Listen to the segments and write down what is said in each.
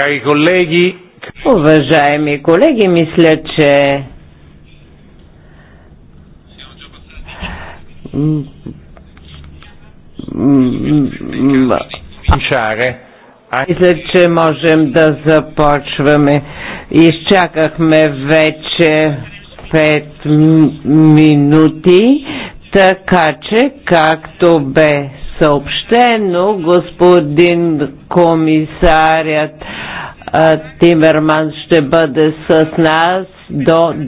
Cari colleghi, Уважаеми колеги, мисля, че мисля, че можем да започваме. Изчакахме вече 5 минути, така че, както бе съобщено, господин комисарят Тимерман ще бъде с нас до 20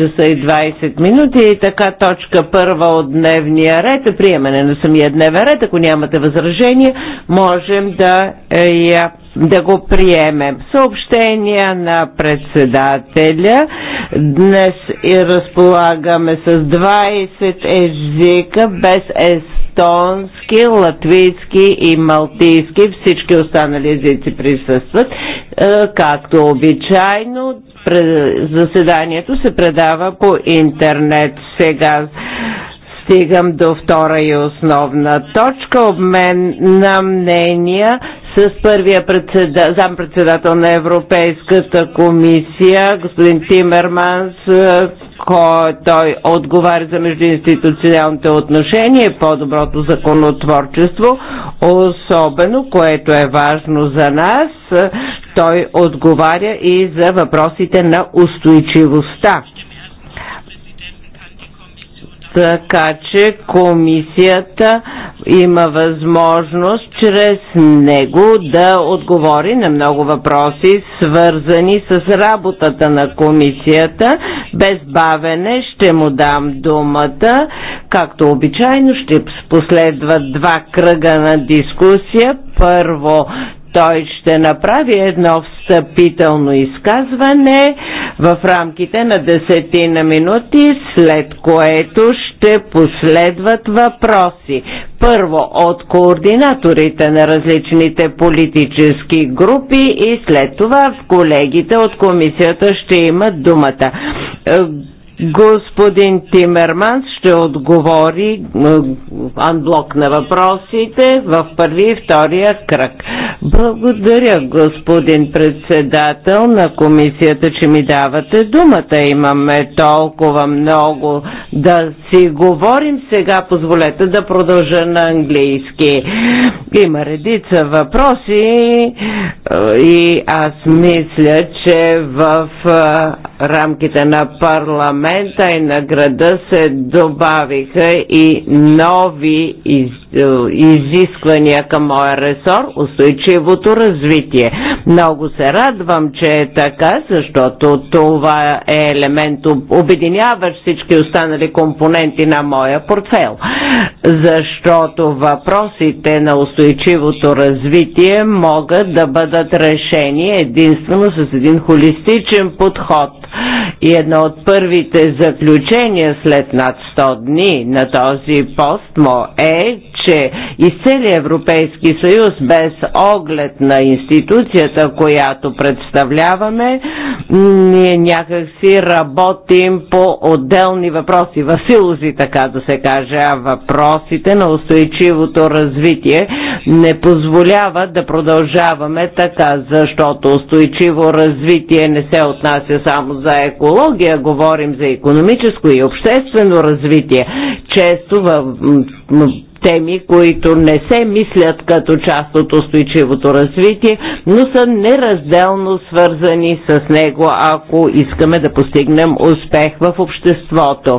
часа и 20 минути и така точка първа от дневния ред е приемане на самия дневен ред. Ако нямате възражение, можем да, е, да го приемем. Съобщения на председателя. Днес и разполагаме с 20 езика без ес естонски, латвийски и малтийски. Всички останали езици присъстват. Е, както обичайно, заседанието се предава по интернет. Сега стигам до втора и основна точка обмен на мнения с първия председа, зампредседател на Европейската комисия, господин Тимерманс, е, кой той отговаря за междуинституционалните отношения и по-доброто законотворчество, особено, което е важно за нас, е, той отговаря и за въпросите на устойчивостта така че комисията има възможност чрез него да отговори на много въпроси, свързани с работата на комисията. Без бавене ще му дам думата. Както обичайно ще последват два кръга на дискусия. Първо той ще направи едно встъпително изказване в рамките на десетина минути, след което ще последват въпроси. Първо от координаторите на различните политически групи и след това в колегите от комисията ще имат думата е, Господин Тимерман ще отговори анблок на въпросите в първи и втория кръг. Благодаря, господин председател на комисията, че ми давате думата. Имаме толкова много да си говорим. Сега позволете да продължа на английски. Има редица въпроси е, и аз мисля, че в е, рамките на парламента и на града се добавиха и нови из, е, изисквания към моя ресор устойчивото развитие. Много се радвам, че е така, защото това е елемент обединяващ всички останали компоненти на моя портфел. Защото въпросите на устойчивото развитие могат да бъдат решени единствено с един холистичен подход и едно от първите заключения след над 100 дни на този пост му е, че и целия Европейски съюз, без оглед на институцията, която представляваме, ние някакси работим по отделни въпроси, в силози, така да се каже, а въпросите на устойчивото развитие не позволява да продължаваме така, защото устойчиво развитие не се отнася само за екология, говорим за економическо и обществено развитие. Често в теми, които не се мислят като част от устойчивото развитие, но са неразделно свързани с него, ако искаме да постигнем успех в обществото.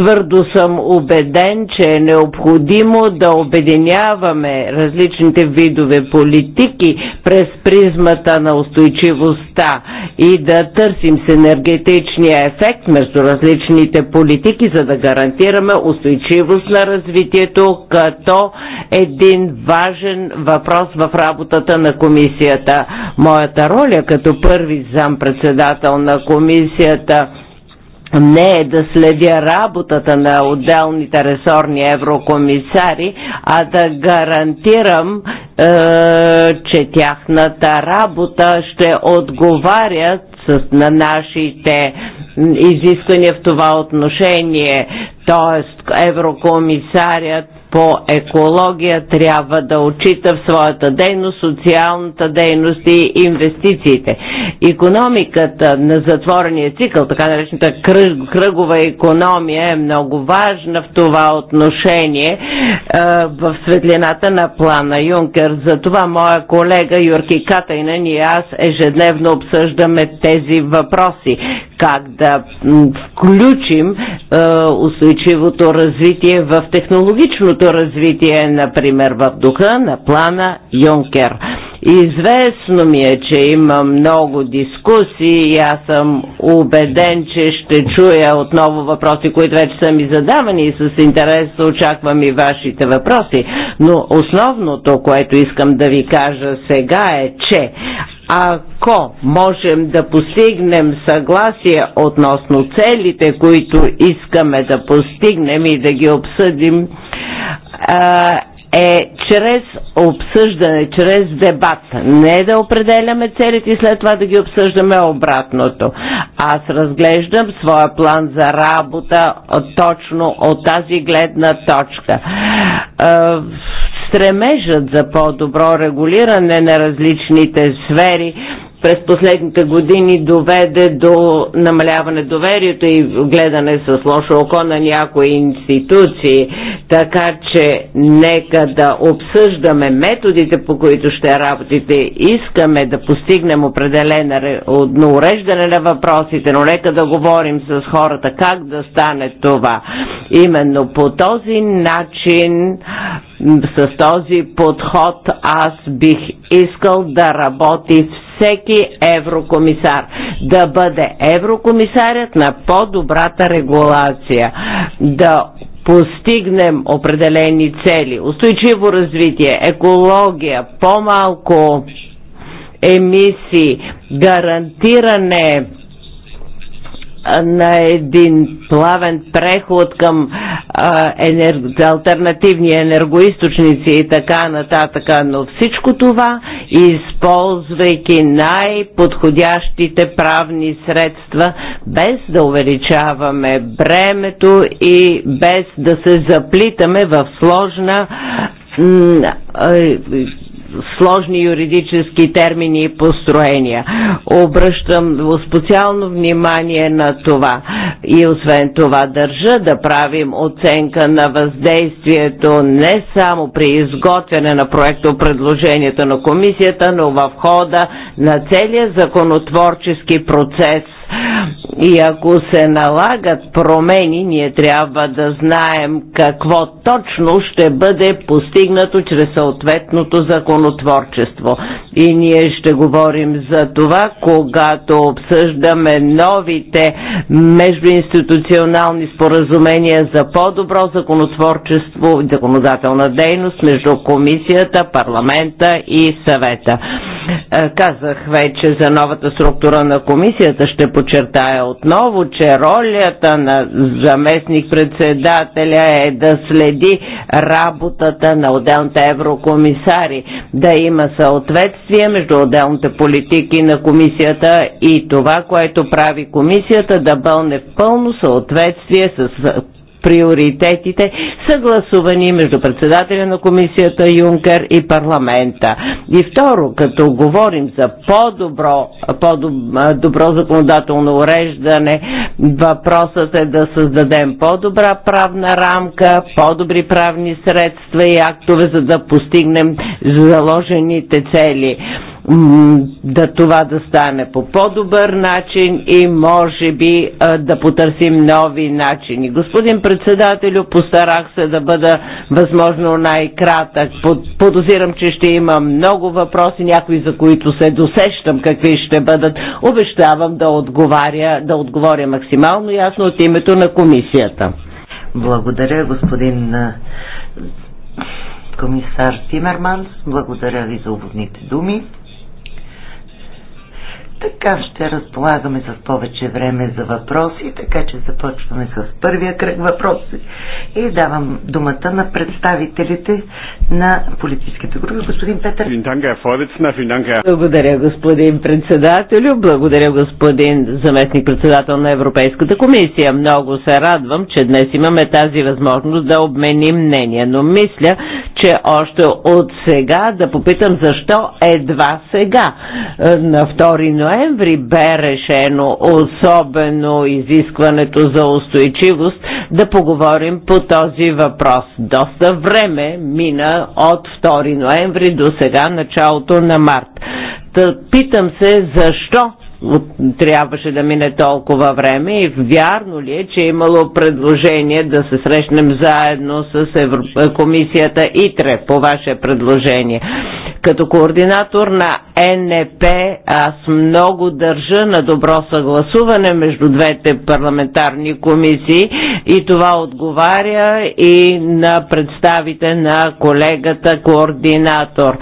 Твърдо съм убеден, че е необходимо да обединяваме различните видове политики през призмата на устойчивостта и да търсим синергетичния ефект между различните политики, за да гарантираме устойчивост на развитието като един важен въпрос в работата на комисията. Моята роля като първи зам председател на комисията не е да следя работата на отделните ресорни еврокомисари, а да гарантирам, е, че тяхната работа ще отговаря с, на нашите изисквания в това отношение. Тоест, еврокомисарят по екология трябва да отчита в своята дейност социалната дейност и инвестициите. Економиката на затворения цикъл, така наречената е кръг, кръгова економия е много важна в това отношение е, в светлината на плана Юнкер. Затова моя колега Юрки Катайнен и аз ежедневно обсъждаме тези въпроси как да включим е, устойчивото развитие в технологичното развитие, например в духа на плана Юнкер. Известно ми е, че има много дискусии и аз съм убеден, че ще чуя отново въпроси, които вече са ми задавани и с интерес очаквам и вашите въпроси. Но основното, което искам да ви кажа сега е, че ако можем да постигнем съгласие относно целите, които искаме да постигнем и да ги обсъдим, е чрез обсъждане, чрез дебат. Не да определяме целите и след това да ги обсъждаме обратното. Аз разглеждам своя план за работа точно от тази гледна точка. Стремежът за по-добро регулиране на различните сфери през последните години доведе до намаляване доверието и гледане с лошо око на някои институции. Така че нека да обсъждаме методите, по които ще работите. Искаме да постигнем определено уреждане на въпросите, но нека да говорим с хората как да стане това. Именно по този начин с този подход аз бих искал да работи всеки еврокомисар. Да бъде еврокомисарят на по-добрата регулация. Да постигнем определени цели. Устойчиво развитие, екология, по-малко емисии, гарантиране на един плавен преход към а, енер... альтернативни енергоисточници и така нататък, но всичко това, използвайки най-подходящите правни средства, без да увеличаваме бремето и без да се заплитаме в сложна сложни юридически термини и построения. Обръщам специално внимание на това. И освен това държа да правим оценка на въздействието не само при изготвяне на проекто предложението на комисията, но в хода на целия законотворчески процес и ако се налагат промени, ние трябва да знаем какво точно ще бъде постигнато чрез съответното законотворчество. И ние ще говорим за това, когато обсъждаме новите междуинституционални споразумения за по-добро законотворчество, и законодателна дейност между комисията, парламента и съвета. Е, казах вече за новата структура на комисията. Ще подчертая отново, че ролята на заместник-председателя е да следи работата на отделните еврокомисари, да има съответствие между отделните политики на комисията и това, което прави комисията, да бълне в пълно съответствие с приоритетите, съгласувани между председателя на комисията Юнкер и парламента. И второ, като говорим за по-добро, по-добро законодателно уреждане, въпросът е да създадем по-добра правна рамка, по-добри правни средства и актове, за да постигнем заложените цели да това да стане по по-добър начин и може би да потърсим нови начини. Господин председателю, постарах се да бъда възможно най-кратък. Подозирам, че ще има много въпроси, някои за които се досещам какви ще бъдат. Обещавам да отговаря, да отговоря максимално ясно от името на комисията. Благодаря, господин комисар Тимерманс. Благодаря ви за уводните думи. Така ще разполагаме с повече време за въпроси, така че започваме с първия кръг въпроси и давам думата на представителите на политическите групи. Господин Петър. Благодаря, господин председателю. Благодаря, господин заместник председател на Европейската комисия. Много се радвам, че днес имаме тази възможност да обменим мнение, но мисля, че още от сега да попитам защо едва сега е, на 2 ноември ноември бе решено, особено изискването за устойчивост, да поговорим по този въпрос. Доста време мина от 2 ноември до сега началото на март. Та, питам се защо трябваше да мине толкова време и вярно ли е, че е имало предложение да се срещнем заедно с Европ... комисията ИТРЕ по ваше предложение. Като координатор на НП аз много държа на добро съгласуване между двете парламентарни комисии и това отговаря и на представите на колегата координатор.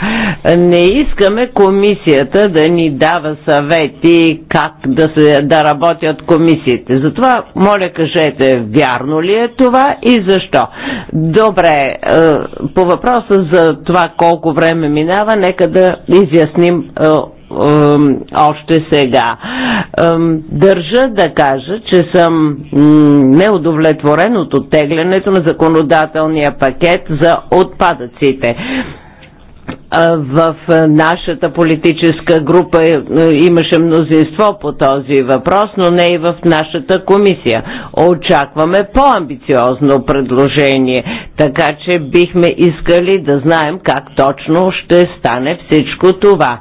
Не искаме комисията да ни дава съвети как да, се, да работят комисиите. Затова, моля, кажете, вярно ли е това и защо? Добре, е, по въпроса за това колко време минава, тогава нека да изясним е, още сега. Държа да кажа, че съм неудовлетворен от оттеглянето на законодателния пакет за отпадъците в нашата политическа група е, е, имаше мнозинство по този въпрос, но не и в нашата комисия. Очакваме по-амбициозно предложение, така че бихме искали да знаем как точно ще стане всичко това.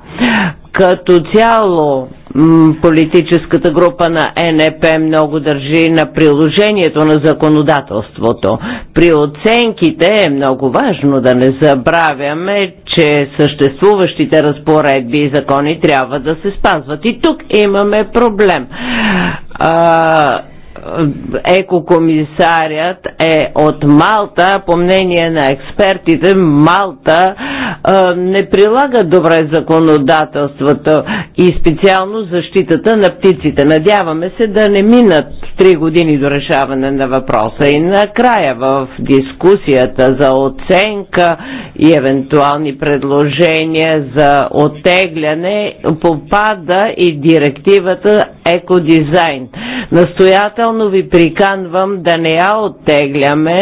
Като цяло политическата група на НП много държи на приложението на законодателството. При оценките е много важно да не забравяме, че съществуващите разпоредби и закони трябва да се спазват. И тук имаме проблем. А, екокомисарят е от Малта, по мнение на експертите, Малта а, не прилага добре законодателството и специално защитата на птиците. Надяваме се да не минат три години до решаване на въпроса. И накрая в дискусията за оценка и евентуални предложения за оттегляне попада и директивата екодизайн. Настоятелно ви приканвам да не я оттегляме е,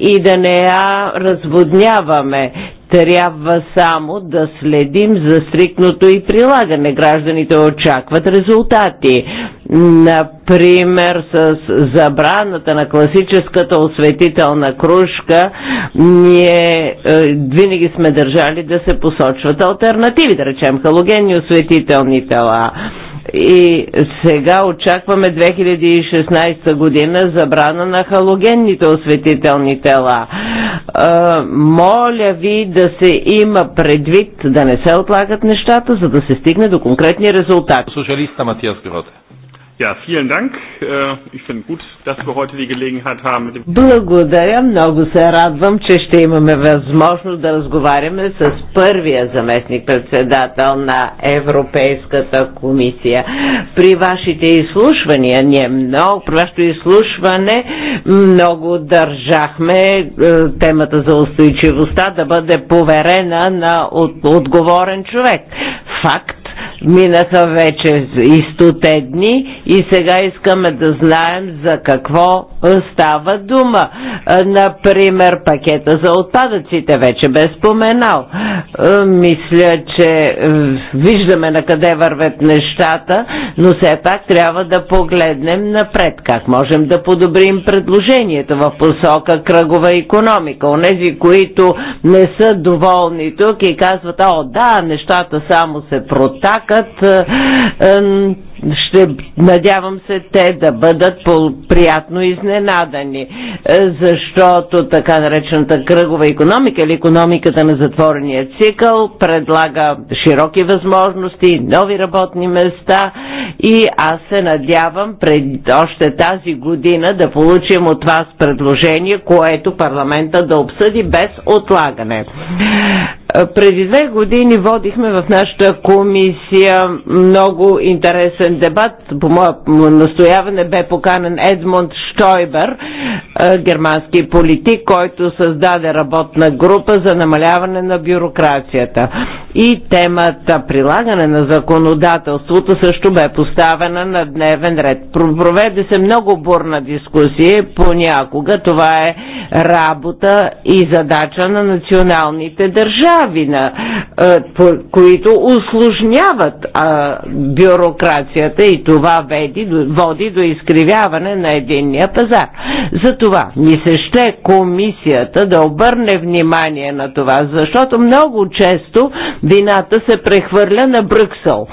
и да не я разводняваме. Трябва само да следим за стрикното и прилагане. Гражданите очакват резултати. Например, с забраната на класическата осветителна кружка, ние е, винаги сме държали да се посочват альтернативи, да речем халогенни осветителни тела и сега очакваме 2016 година забрана на халогенните осветителни тела. А, моля ви да се има предвид, да не се отлагат нещата, за да се стигне до конкретни резултати. Социалиста Матиас Гроте. Ja, vielen Dank. Äh, ich finde gut, dass wir heute die Gelegenheit haben mit dem Благодаря, много се радвам, че ще имаме възможност да разговаряме с първия заместник председател на Европейската комисия. При вашите изслушвания, ние много, при вашето изслушване много държахме е, темата за устойчивостта да бъде поверена на от, отговорен човек. Факт Минаха вече и стоте дни и сега искаме да знаем за какво става дума. Например, пакета за отпадъците вече бе споменал. Мисля, че виждаме на къде вървят нещата, но все пак трябва да погледнем напред. Как можем да подобрим предложението в посока кръгова економика? Онези, които не са доволни тук и казват, о да, нещата само се протака, чакат. Е, е, ще надявам се те да бъдат приятно изненадани, е, защото така наречената кръгова економика или економиката на затворения цикъл предлага широки възможности, нови работни места и аз се надявам пред, още тази година да получим от вас предложение, което парламента да обсъди без отлагане. Е, преди две години водихме в нашата комисия много интересен дебат. По мое настояване бе поканен Едмунд Штойбер, е, германски политик, който създаде работна група за намаляване на бюрокрацията. И темата прилагане на законодателството също бе поставена на дневен ред. Проведе се много бурна дискусия, понякога това е работа и задача на националните държави, на, е, които усложняват бюрокрацията и това веди, води до изкривяване на единния пазар. Затова ми се ще комисията да обърне внимание на това, защото много често вината се прехвърля на Брюксел.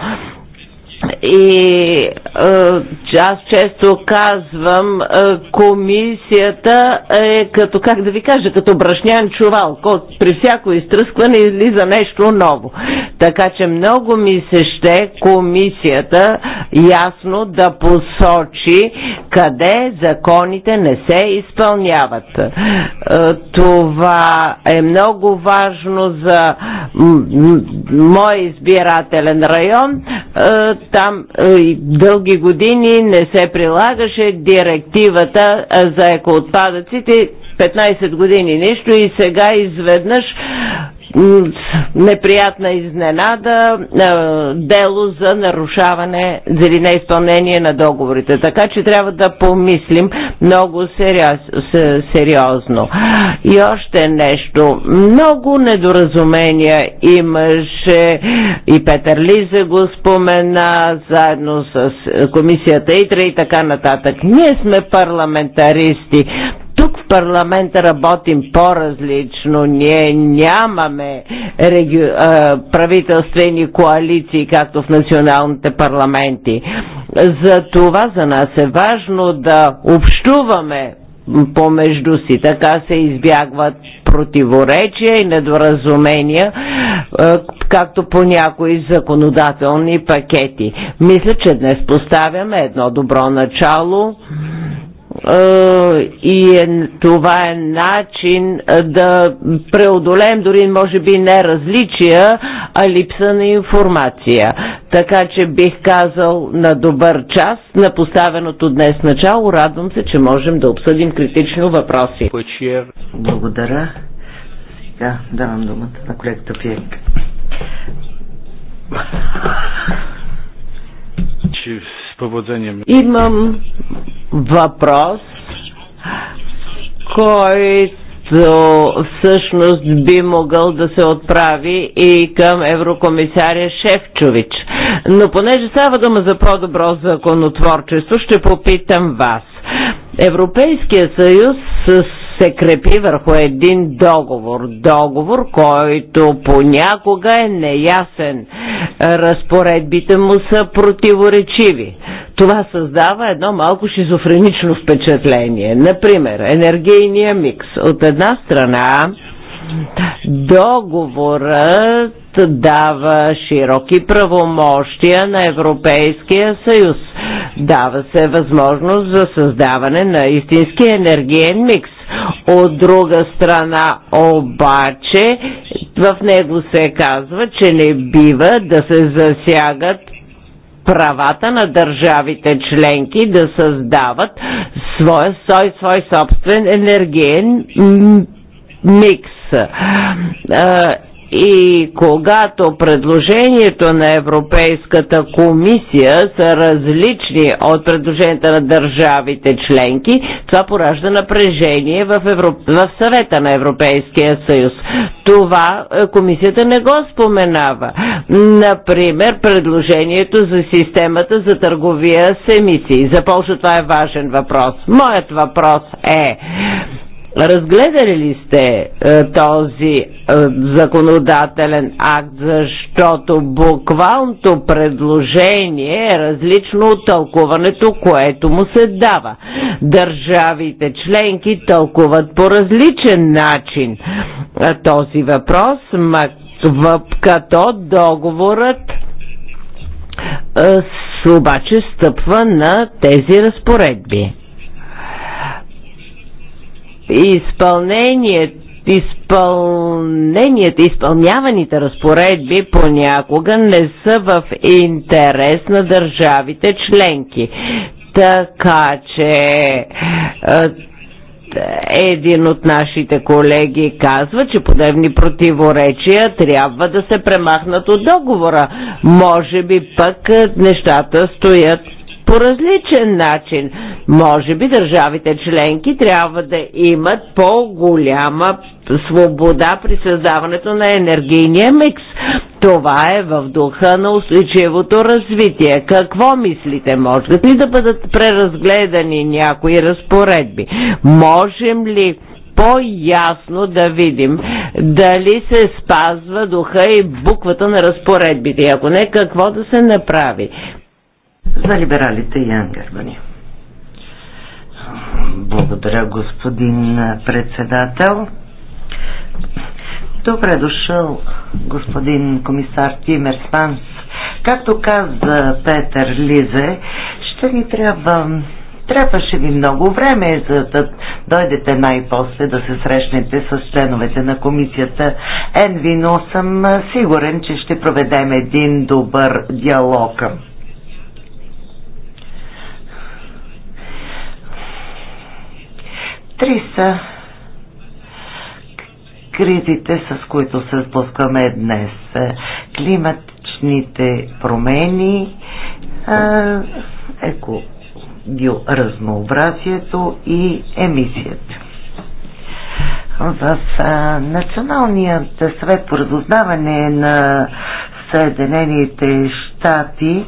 И е, аз често казвам, е, комисията е като, как да ви кажа, като брашнян чувал. При всяко изтръскване излиза нещо ново. Така че много ми се ще комисията ясно да посочи къде законите не се изпълняват. Е, това е много важно за мой избирателен район. Там дълго дълги години не се прилагаше директивата за екоотпадъците. 15 години нищо и сега изведнъж неприятна изненада дело за нарушаване или неизпълнение на договорите. Така че трябва да помислим много сериозно. И още нещо. Много недоразумения имаше и Петър Лиза го спомена заедно с е, комисията ИТРА и така нататък. Ние сме парламентаристи тук в парламента работим по-различно. Ние нямаме реги... правителствени коалиции, както в националните парламенти. За това за нас е важно да общуваме помежду си. Така се избягват противоречия и недоразумения, както по някои законодателни пакети. Мисля, че днес поставяме едно добро начало и е, това е начин да преодолеем дори може би не различия, а липса на информация. Така че бих казал на добър час на поставеното днес начало. Радвам се, че можем да обсъдим критично въпроси. Благодаря. Сега давам думата на колегата Фиенк. Имам въпрос, който всъщност би могъл да се отправи и към еврокомисаря Шефчович. Но понеже става дума за по-добро законотворчество, ще попитам вас. Европейския съюз с се крепи върху един договор. Договор, който понякога е неясен. Разпоредбите му са противоречиви. Това създава едно малко шизофренично впечатление. Например, енергийния микс. От една страна, договорът дава широки правомощия на Европейския съюз Дава се възможност за създаване на истински енергиен микс. От друга страна обаче в него се казва, че не бива да се засягат правата на държавите членки да създават своя, свой, свой собствен енергиен микс. И когато предложението на Европейската комисия са различни от предложенията на държавите членки, това поражда напрежение в, Европ... в съвета на Европейския съюз. Това е, комисията не го споменава. Например, предложението за системата за търговия с емисии. За Польша това е важен въпрос. Моят въпрос е Разгледали ли сте е, този е, законодателен акт, защото буквалното предложение е различно от тълкуването, което му се дава. Държавите членки тълкуват по различен начин е, този въпрос, като договорът е, обаче стъпва на тези разпоредби изпълнението изпълнението, изпълняваните разпоредби понякога не са в интерес на държавите членки. Така че един от нашите колеги казва, че подобни противоречия трябва да се премахнат от договора. Може би пък нещата стоят по различен начин. Може би държавите членки трябва да имат по-голяма свобода при създаването на енергийния микс. Това е в духа на устойчивото развитие. Какво мислите? Могат ли да бъдат преразгледани някои разпоредби? Можем ли по-ясно да видим дали се спазва духа и буквата на разпоредбите. Ако не, какво да се направи? За либералите Ян Гърбани. Благодаря, господин председател. Добре дошъл, господин комисар Тимерсманс. Както каза Петър Лизе, ще ни трябва Трябваше ви много време, за да дойдете най-после да се срещнете с членовете на комисията Енви, но съм сигурен, че ще проведем един добър диалог. Три са кризите, с които се сблъскваме днес. Климатичните промени, еко, биоразнообразието и емисията. В а, Националният съвет по разузнаване на Съединените щати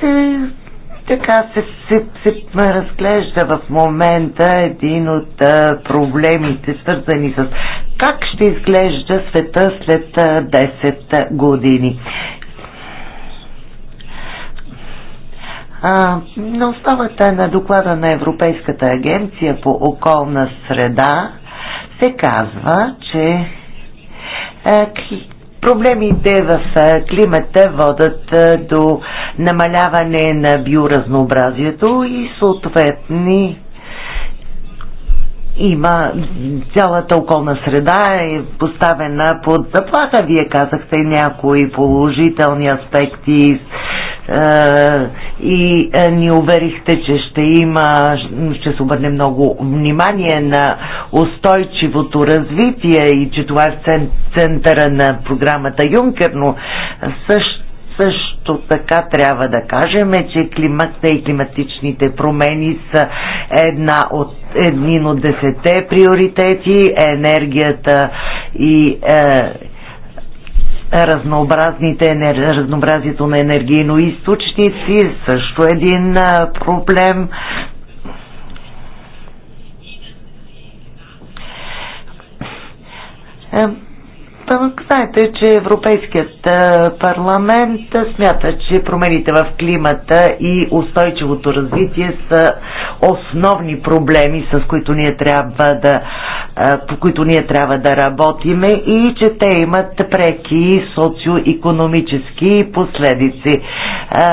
се така се, се, се разглежда в момента един от а, проблемите, свързани с как ще изглежда света след а, 10 години. А, на основата на доклада на Европейската агенция по околна среда се казва, че е, Проблемите в климата водат до намаляване на биоразнообразието и съответни има цялата околна среда е поставена под заплаха. Вие казахте някои положителни аспекти е, и е, ни уверихте, че ще има, ще се обърне много внимание на устойчивото развитие и че това е в центъра на програмата Юнкер, но също също така трябва да кажем, че климата и климатичните промени са една от един от десете приоритети е енергията и е, разнообразните, разнообразието на енергийно източници също един е, проблем. Е, Знаете, че Европейският парламент смята, че промените в климата и устойчивото развитие са основни проблеми, с които ние трябва да, по които ние трябва да работиме и че те имат преки социо-економически последици.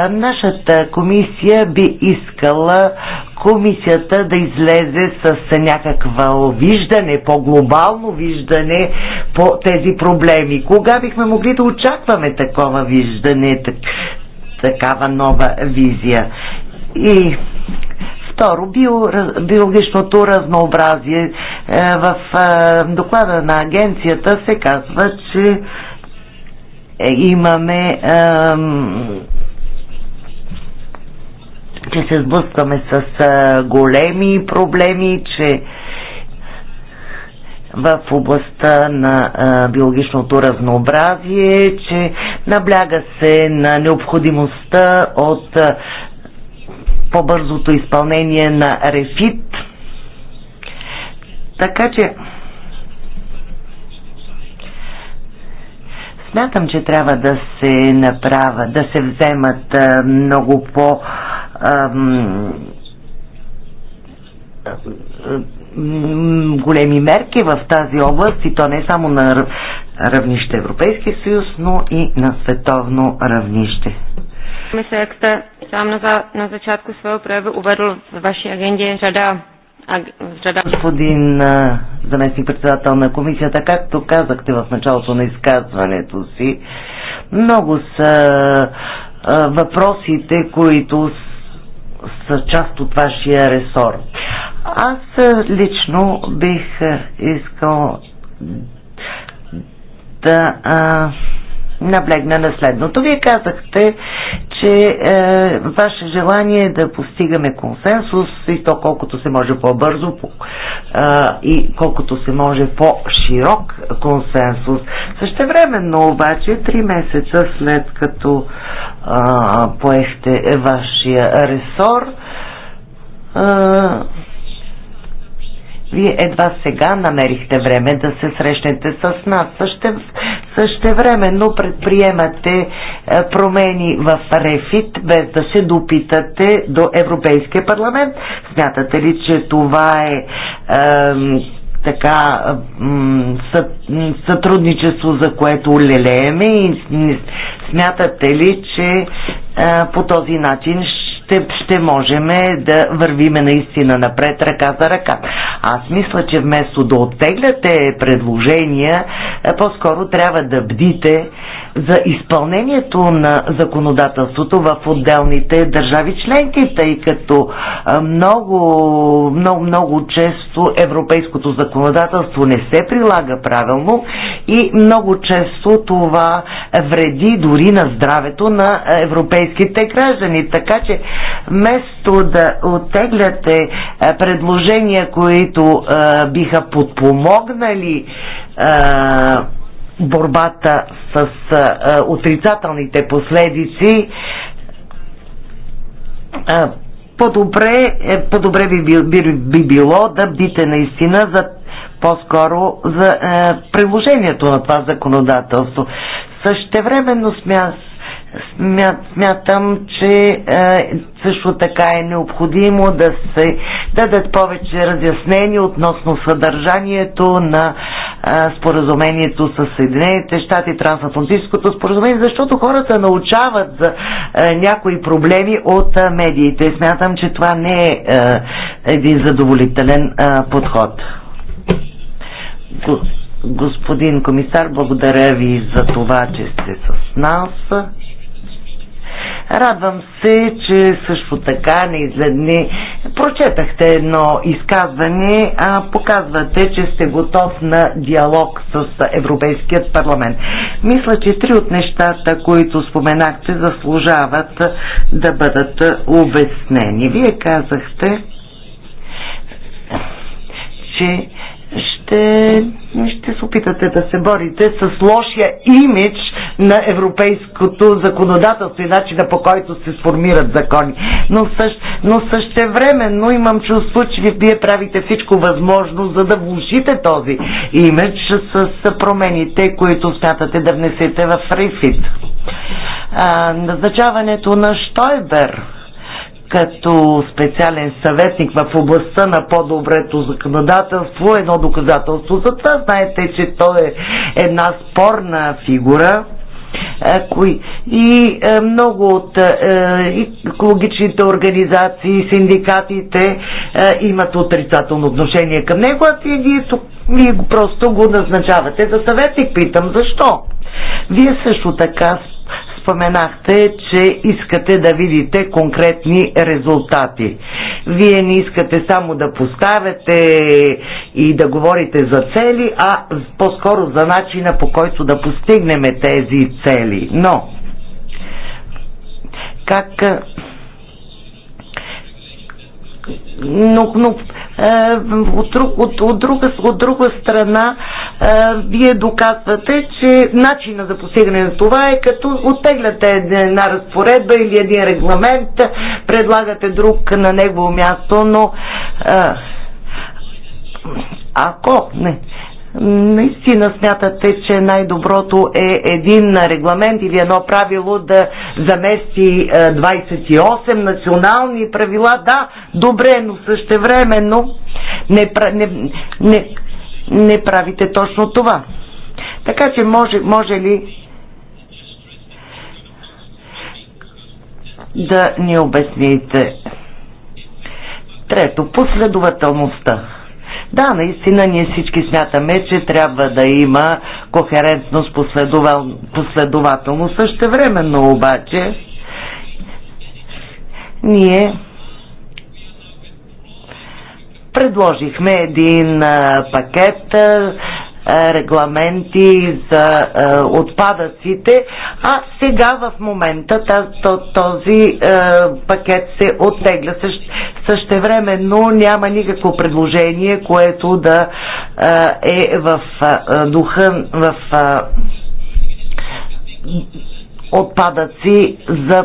Нашата комисия би искала комисията да излезе с някаква виждане, по-глобално виждане по тези проблеми. Кога бихме могли да очакваме такова виждане, так, такава нова визия? И Второ, био, биологичното разнообразие. Е, в е, доклада на агенцията се казва, че е, имаме че се сблъскваме с големи проблеми, че в областта на а, биологичното разнообразие, че набляга се на необходимостта от по-бързото изпълнение на рефит. Така че смятам, че трябва да се направят, да се вземат а, много по- големи мерки в тази област и то не само на равнище Европейски съюз, но и на световно равнище. Мисля, jak сте sám на зачатку своя začátku уверил в вашия агенди жада agendě Господин заместник-председател на комисията, както казахте в началото на изказването си, много са въпросите, които са част от вашия ресор. Аз е, лично бих е, искал да а, наблегна на следното. Вие казахте, че е, ваше желание е да постигаме консенсус и то колкото се може по-бързо по, е, и колкото се може по-широк консенсус. Същевременно обаче, три месеца след като е, поехте вашия ресор, е, вие едва сега намерихте време да се срещнете с нас. Също, същевременно предприемате е, промени в Рефит, без да се допитате до Европейския парламент. Смятате ли, че това е, е така сътрудничество, за което лелееме и смятате ли, че е, по този начин ще ще, ще можем да вървиме наистина напред ръка за ръка. Аз мисля, че вместо да оттегляте предложения, по-скоро трябва да бдите за изпълнението на законодателството в отделните държави членки, тъй като много, много, много често европейското законодателство не се прилага правилно и много често това вреди дори на здравето на европейските граждани. Така че вместо да оттегляте предложения, които биха подпомогнали борбата с а, отрицателните последици, а, по-добре, е, по-добре би, би, би било да бите наистина за по-скоро за е, приложението на това законодателство. Същевременно смя, Смятам, че е, също така е необходимо да се дадат повече разяснения относно съдържанието на е, споразумението с Съединените щати, трансатлантическото споразумение, защото хората научават за е, някои проблеми от медиите. Смятам, че това не е един задоволителен подход. Господин комисар, благодаря ви за това, че сте с нас. Радвам се, че също така не изледни прочетахте едно изказване, а показвате, че сте готов на диалог с Европейският парламент. Мисля, че три от нещата, които споменахте, заслужават да бъдат обяснени. Вие казахте, че ще, ще се опитате да се борите с лошия имидж на европейското законодателство и начина по който се сформират закони. Но, същ, но но имам чувство, че вие правите всичко възможно, за да влушите този имидж с промените, които смятате да внесете в Рейфит. А, назначаването на Штойбер като специален съветник в областта на по-добрето законодателство, едно доказателство за това. Знаете, че той е една спорна фигура е, кои. И е, много от е, е, екологичните организации, синдикатите е, имат отрицателно отношение към него, а вие, вие, вие просто го назначавате за съветник. Питам защо. Вие също така споменахте, че искате да видите конкретни резултати. Вие не искате само да поставяте и да говорите за цели, а по-скоро за начина по който да постигнем тези цели. Но как но, но е, от, друг, от, от, друга, от друга страна е, вие доказвате, че начина за постигане на това е като оттегляте една разпоредба или един регламент, предлагате друг на негово място, но е, ако не, наистина смятате, че най-доброто е един регламент или едно правило да замести 28 е, национални правила. Да, добре, но същевременно не, не, не, не правите точно това. Така че може, може ли да ни обясните? Трето, последователността да, наистина ние всички смятаме, че трябва да има кохерентност, също последователност. Но обаче ние предложихме един а, пакет а, е, регламенти за е, отпадъците, а сега в момента този е, пакет се оттегля. Същевременно няма никакво предложение, което да е в духа, в отпадъци за,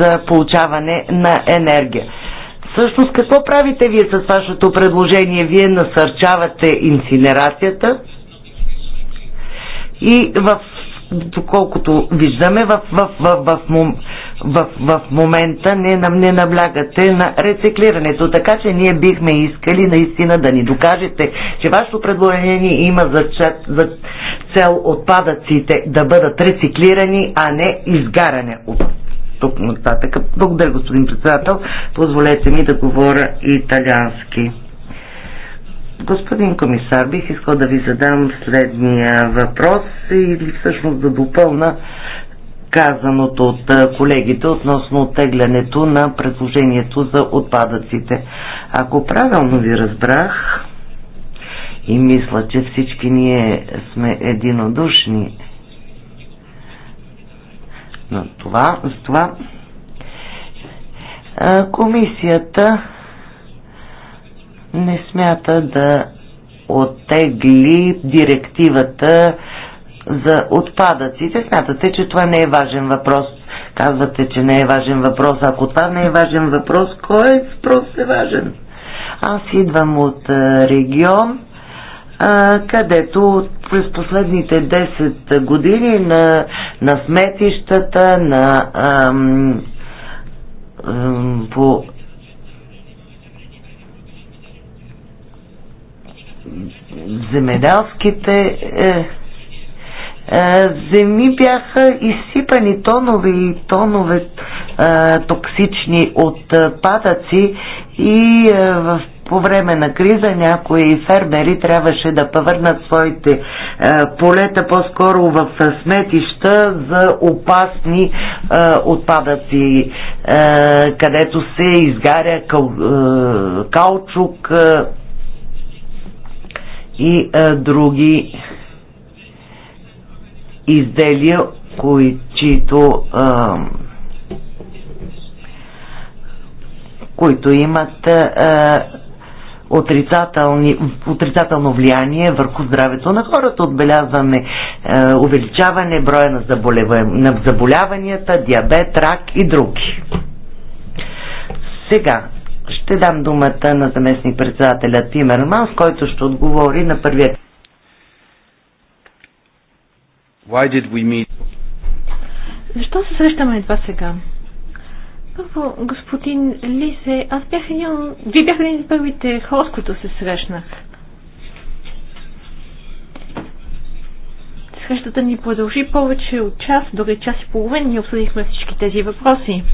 за получаване на енергия. Всъщност, какво правите вие с вашето предложение? Вие насърчавате инсинерацията, и в доколкото виждаме, в, в, в, в, в, в, в момента не, не наблягате на рециклирането. Така че ние бихме искали наистина да ни докажете, че вашето предложение има за, за цел отпадъците да бъдат рециклирани, а не изгаране от тук нататък. Благодаря, господин председател. Позволете ми да говоря италиански. Господин комисар, бих искал да ви задам следния въпрос или всъщност да допълна казаното от колегите относно оттеглянето на предложението за отпадъците. Ако правилно ви разбрах и мисля, че всички ние сме единодушни на това, с това комисията не смята да оттегли директивата за отпадъците. Смятате, че това не е важен въпрос. Казвате, че не е важен въпрос. Ако това не е важен въпрос, кой въпрос е важен? Аз идвам от регион, където през последните 10 години на, на сметищата, на ам, ам, по земеделските е, е, земи бяха изсипани тонове и тонове е, токсични отпадъци е, и е, в, по време на криза някои фермери трябваше да повърнат своите е, полета по-скоро в сметища за опасни е, отпадъци, е, където се изгаря кал, е, каучук. Е, и а, други изделия, кои, чието, а, които имат а, отрицателно влияние върху здравето на хората. Отбелязваме е, увеличаване броя на, заболева, на заболяванията, диабет, рак и други. Сега, ще дам думата на заместник председателя Тимерман, в който ще отговори на първият. Why did we meet? Защо се срещаме едва сега? Първо, господин Лисе, аз бях един... Вие бях един от първите хора, с които се срещнах. Срещата ни продължи повече от час, дори час и половина. Ние обсъдихме всички тези въпроси.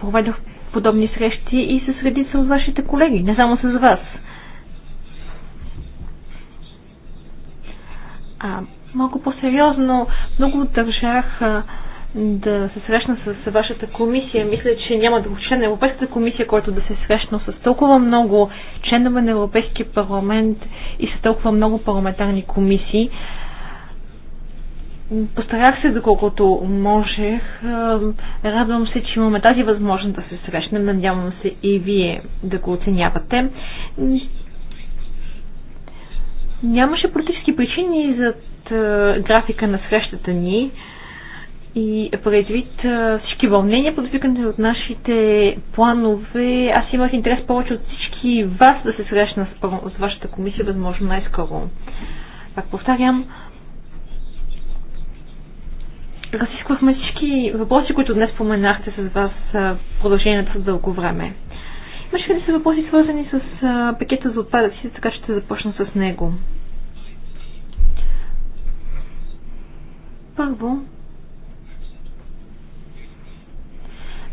Проведох подобни срещи и с редица от вашите колеги, не само с вас. А, малко по-сериозно, много държах да се срещна с вашата комисия. Мисля, че няма друг член на Европейската комисия, който да се е срещна с толкова много членове на Европейския парламент и с толкова много парламентарни комисии. Постарах се доколкото можех. Е, Радвам се, че имаме тази възможност да се срещнем. Надявам се и вие да го оценявате. Нямаше политически причини зад е, графика на срещата ни и предвид е, всички вълнения, подвикани от нашите планове, аз имах интерес повече от всички вас да се срещна с, с вашата комисия, възможно най-скоро. Пак повтарям, разисквахме всички въпроси, които днес споменахте с вас в продължението с дълго време. Имаше ли са въпроси свързани с пакета за отпадъци, така ще започна с него. Първо,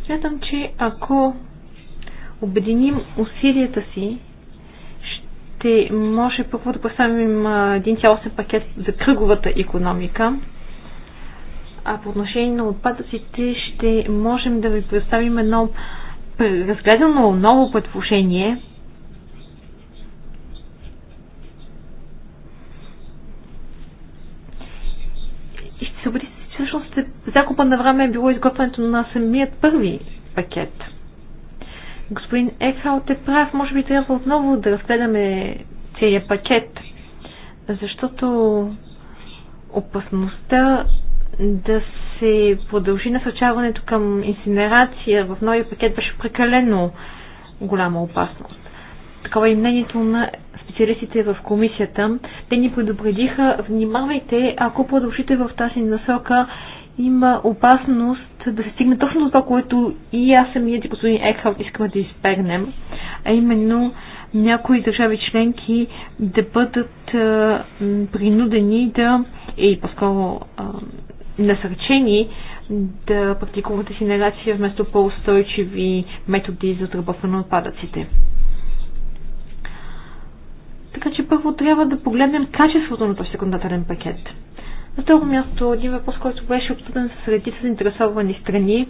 смятам, че ако обединим усилията си, ще може първо да представим един цялостен пакет за кръговата економика, а по отношение на отпадъците ще можем да ви представим едно разгледано ново предложение, И ще се убеди, всъщност закупа на време е било изготвянето на самият първи пакет. Господин Екхаут е прав, може би трябва отново да разгледаме целият пакет, защото опасността да се продължи насърчаването към инсинерация в новия пакет беше прекалено голяма опасност. Такова е мнението на специалистите в комисията. Те ни предупредиха, внимавайте, ако продължите в тази насока, има опасност да се стигне точно до това, което и аз самия и господин Екхал искаме да избегнем, а именно някои държави членки да бъдат а, принудени да, и по-скоро насърчени да практикуват асимилация вместо по-устойчиви методи за отработване на отпадъците. Така че първо трябва да погледнем качеството на този законодателен пакет. На второ място, един въпрос, който беше обсъден с редица заинтересовани страни.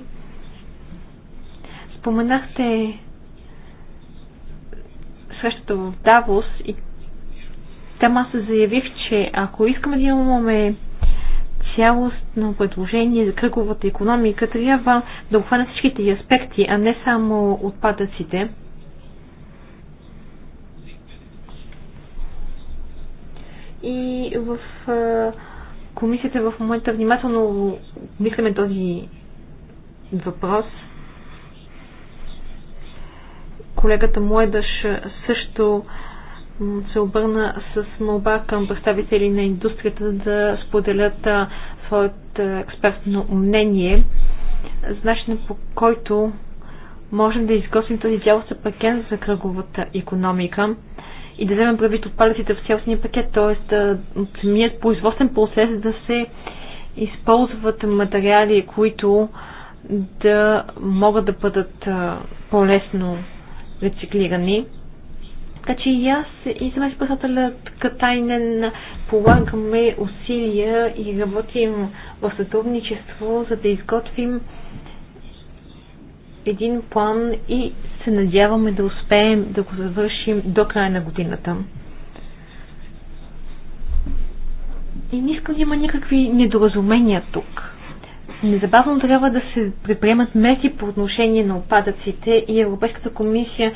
Споменахте срещата в Давос и там аз заявих, че ако искаме да имаме цялостно предложение за кръговата економика трябва да обхване всичките аспекти, а не само отпадъците. И в комисията в момента внимателно мисляме този въпрос. Колегата Мойдаш също се обърна с молба към представители на индустрията да споделят своето експертно мнение за по който можем да изготвим този цялостен пакет за кръговата економика и да вземем предвид палеците в цялостния пакет, т.е. от самият производствен процес да се използват материали, които да могат да бъдат по-лесно рециклирани. Така че и аз и заместник така Катайнен полагаме усилия и работим в сътрудничество, за да изготвим един план и се надяваме да успеем да го завършим до края на годината. И не искам да има никакви недоразумения тук. Незабавно трябва да се предприемат мерки по отношение на опадъците и Европейската комисия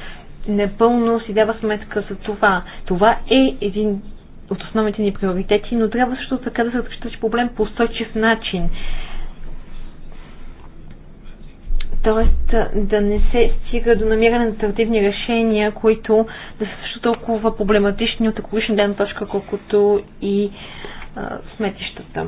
непълно си дава сметка за това. Това е един от основните ни приоритети, но трябва също така да се отключи този проблем по устойчив начин. Тоест да не се стига до намиране на альтернативни решения, които да са също толкова проблематични от екологична гледна точка, колкото и а, сметищата.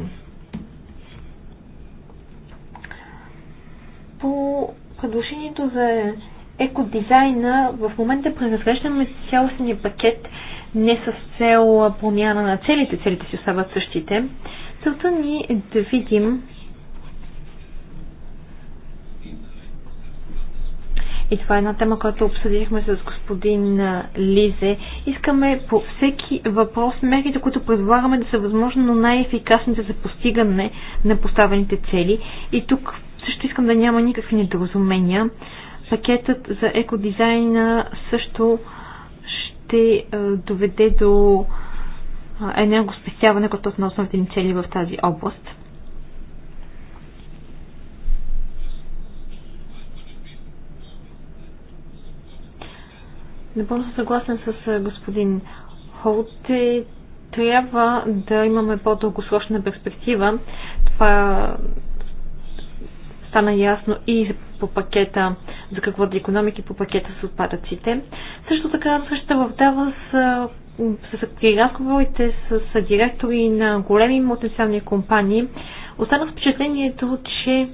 По предложението за екодизайна в момента преразглеждаме цялостния пакет не с цел промяна на целите, целите си остават същите. Целта ни е да видим И това е една тема, която обсъдихме с господин Лизе. Искаме по всеки въпрос мерките, които предлагаме да са възможно най-ефикасните за постигане на поставените цели. И тук също искам да няма никакви недоразумения. Пакетът за екодизайна също ще е, доведе до енергоспестяване като е основните ни цели в тази област. Напълно съм съгласен с е, господин Холте. Трябва да имаме по-дългосрочна перспектива. Това стана ясно и по пакета за какво да економики по пакета с отпадъците. Също така среща в Давос с, при разговорите с, с директори на големи мултинационални компании. Остана впечатлението, че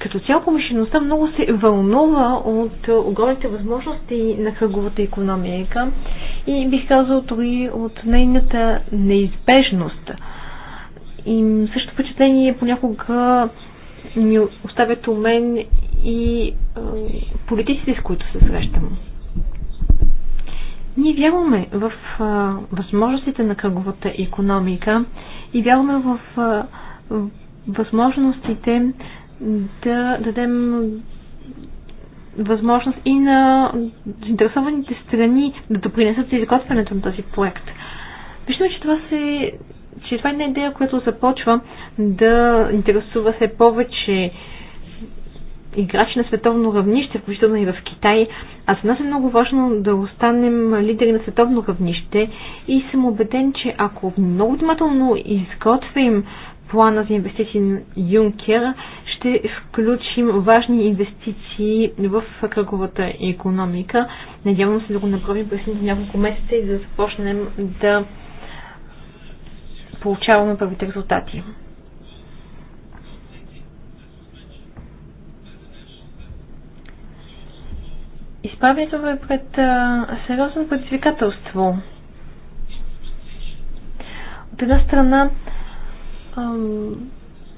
като цяло помишлеността много се вълнува от огромните възможности на кръговата економика и бих казал дори от нейната неизбежност. И също впечатление понякога ми оставят у мен и а, политиците, с които се срещам. Ние вярваме в а, възможностите на кръговата економика и вярваме в а, възможностите да дадем възможност и на заинтересованите страни да допринесат за изготвянето на този проект. Виждаме, че това се че това е една идея, която започва да интересува се повече играчи на световно равнище, включително и в Китай, а за нас е много важно да останем лидери на световно равнище и съм убеден, че ако много внимателно изготвим плана за инвестиции на Юнкер, ще включим важни инвестиции в кръговата економика. Надявам се да го направим през няколко месеца и да започнем да получаваме първите резултати. Изправени сме пред а, сериозно предизвикателство. От една страна,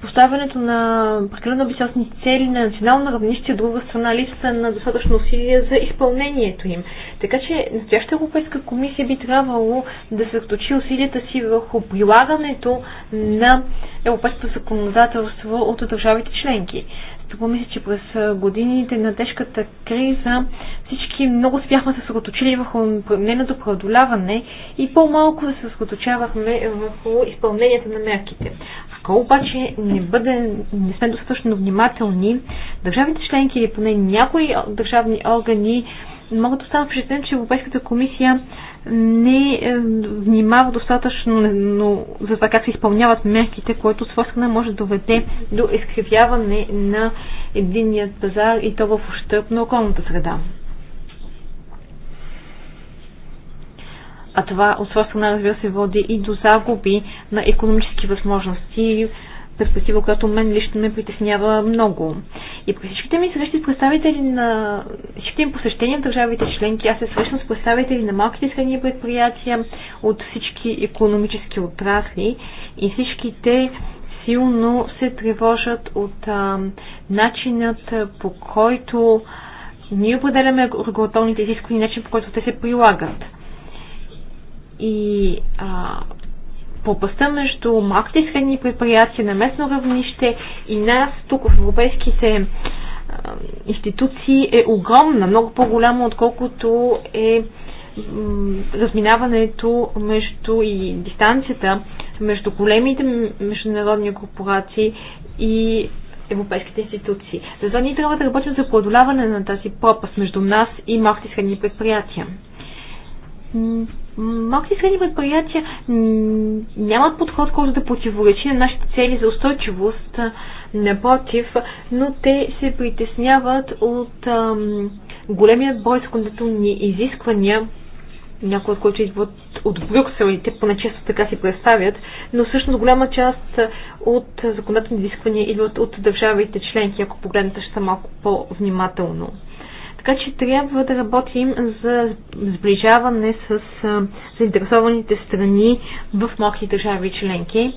поставянето на прекалено амбициозни цели на национално равнище, от друга страна липса на достатъчно усилия за изпълнението им. Така че настоящата Европейска комисия би трябвало да съсредоточи усилията си върху прилагането на европейското законодателство от държавите членки. Струва мисля, че през годините на тежката криза всички много бяхме се съсредоточили върху нейното преодоляване и по-малко се съсредоточавахме върху изпълнението на мерките. Ако обаче не, бъде, не сме достатъчно внимателни, държавите членки или поне някои държавни органи могат да останат впечатлен, че Европейската комисия не е, внимава достатъчно но, за това как се изпълняват мерките, което свързана може да доведе до изкривяване на единният пазар и то в ущърп на околната среда. А това от своя страна, разбира се, води и до загуби на економически възможности, перспектива, която мен лично ме притеснява много. И при всичките ми срещи с представители на всичките им посещения в държавите членки, аз се срещам с представители на малките и средни предприятия от всички економически отрасли и всички те силно се тревожат от а, начинът по който ние определяме регулаторните изисквания, начин по който те се прилагат и а, пропаста между малките и средни предприятия на местно равнище и нас тук в европейските а, институции е огромна, много по-голяма, отколкото е разминаването между и дистанцията между големите международни корпорации и европейските институции. Затова ние трябва да работим за преодоляване на тази пропаст между нас и малките средни предприятия малките средни предприятия нямат подход, който да противоречи на нашите цели за устойчивост, напротив, но те се притесняват от ам, големият брой законодателни изисквания, някои от които идват от Брюксел и те поне често така си представят, но всъщност голяма част от законодателни изисквания идват от държавите членки, ако погледнете ще са малко по-внимателно. Така че трябва да работим за сближаване с заинтересованите страни в малките държави членки.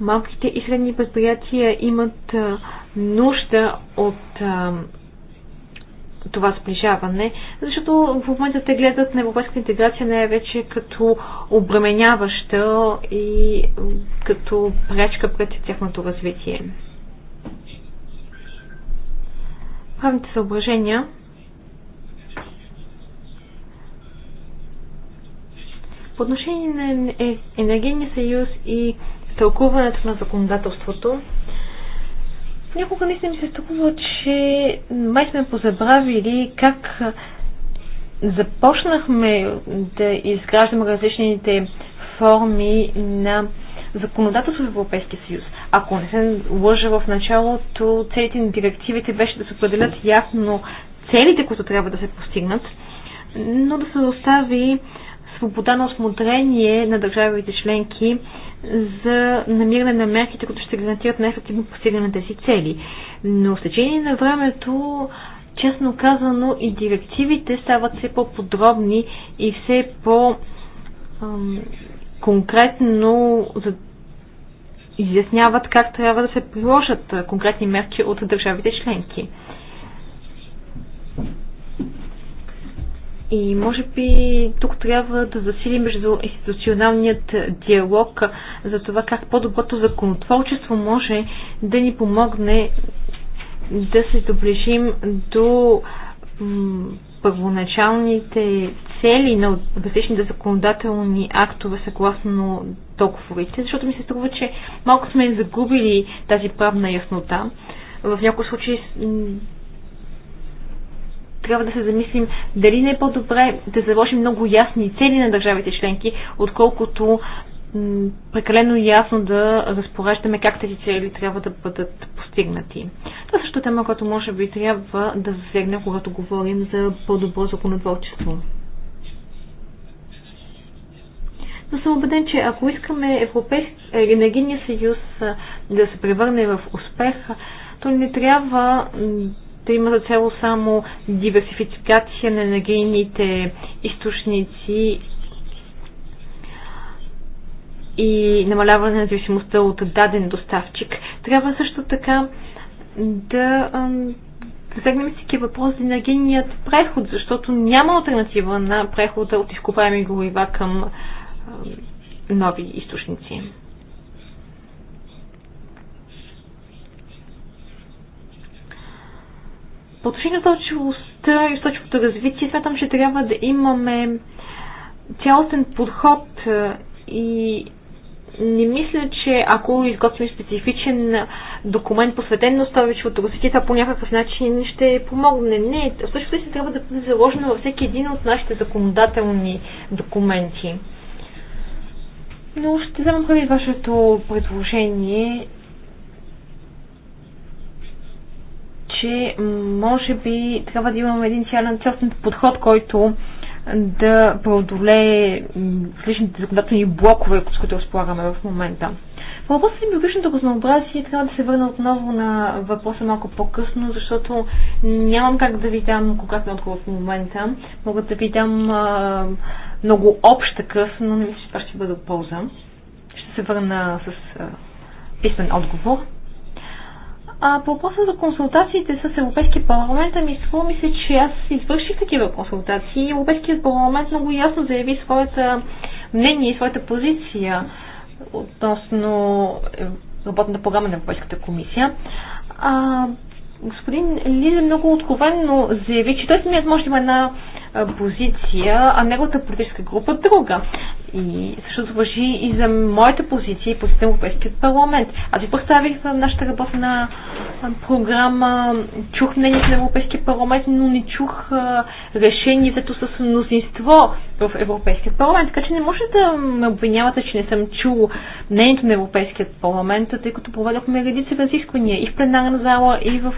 Малките и средни предприятия имат нужда от това сближаване, защото в момента те гледат на европейска интеграция най-вече като обременяваща и като пречка пред тяхното развитие. Правните съображения По отношение на е, енергийния съюз и тълкуването на законодателството, някога наистина ми се струва, че май сме позабравили как започнахме да изграждаме различните форми на законодателство в Европейския съюз. Ако не се лъжа в началото, целите на директивите беше да се определят ясно целите, които трябва да се постигнат, но да се остави свобода на осмотрение на държавите членки за намиране на мерките, които ще гарантират най-ефективно постигане на тези цели. Но в течение на времето, честно казано, и директивите стават все по-подробни и все по-конкретно за изясняват как трябва да се приложат конкретни мерки от държавите членки. И може би тук трябва да засили между институционалният диалог за това как по-доброто законотворчество може да ни помогне да се доближим до първоначалните цели на различните законодателни актове съгласно договорите, защото ми се струва, че малко сме загубили тази правна яснота. В някои случаи трябва да се замислим дали не е по-добре да заложим много ясни цели на държавите членки, отколкото прекалено ясно да разпореждаме как тези цели трябва да бъдат постигнати. Това е също тема, която може би трябва да засегне, когато говорим за по-добро законотворчество. Но съм убеден, че ако искаме Европейския е, енергийния съюз да се превърне в успех, то не трябва да има за цел само диверсификация на енергийните източници и намаляване на зависимостта от даден доставчик. Трябва също така да засегнем всички въпрос за енергийният преход, защото няма альтернатива на прехода от изкопаеми горива към нови източници. По отношение на устойчивостта и устойчивото развитие, смятам, че трябва да имаме цялостен подход е, и не мисля, че ако изготвим специфичен документ, посветен на устойчивото развитие, това по някакъв начин ще помогне. Не, всъщност се трябва да бъде заложено във всеки един от нашите законодателни документи. Но ще взема преди вашето предложение че може би трябва да имаме един цялостен подход, който да преодолее различните законодателни блокове, с които разполагаме в момента. По въпроса на биологичното разнообразие трябва да се върна отново на въпроса малко по-късно, защото нямам как да ви дам конкретен отговор в момента. Мога да ви дам а, много общ такъв, но не мисля, че това ще бъде полза. Ще се върна с а, писмен отговор. А по въпроса за консултациите с Европейския парламент, ами струва ми се, че аз извърших такива консултации. Европейският парламент много ясно заяви своята мнение и своята позиция относно работната програма на Европейската комисия. А, господин Лиза много откровенно заяви, че той самият може да има една позиция, а неговата политическа група друга. И също въжи и за моята позиция и позиция на Европейския парламент. Аз ви представих в нашата работна програма, чух мнението на Европейския парламент, но не чух решение с мнозинство в Европейския парламент. Така че не може да ме обвинявате, че не съм чул мнението на Европейския парламент, тъй като проведохме редица разисквания и в пленарна зала, и в,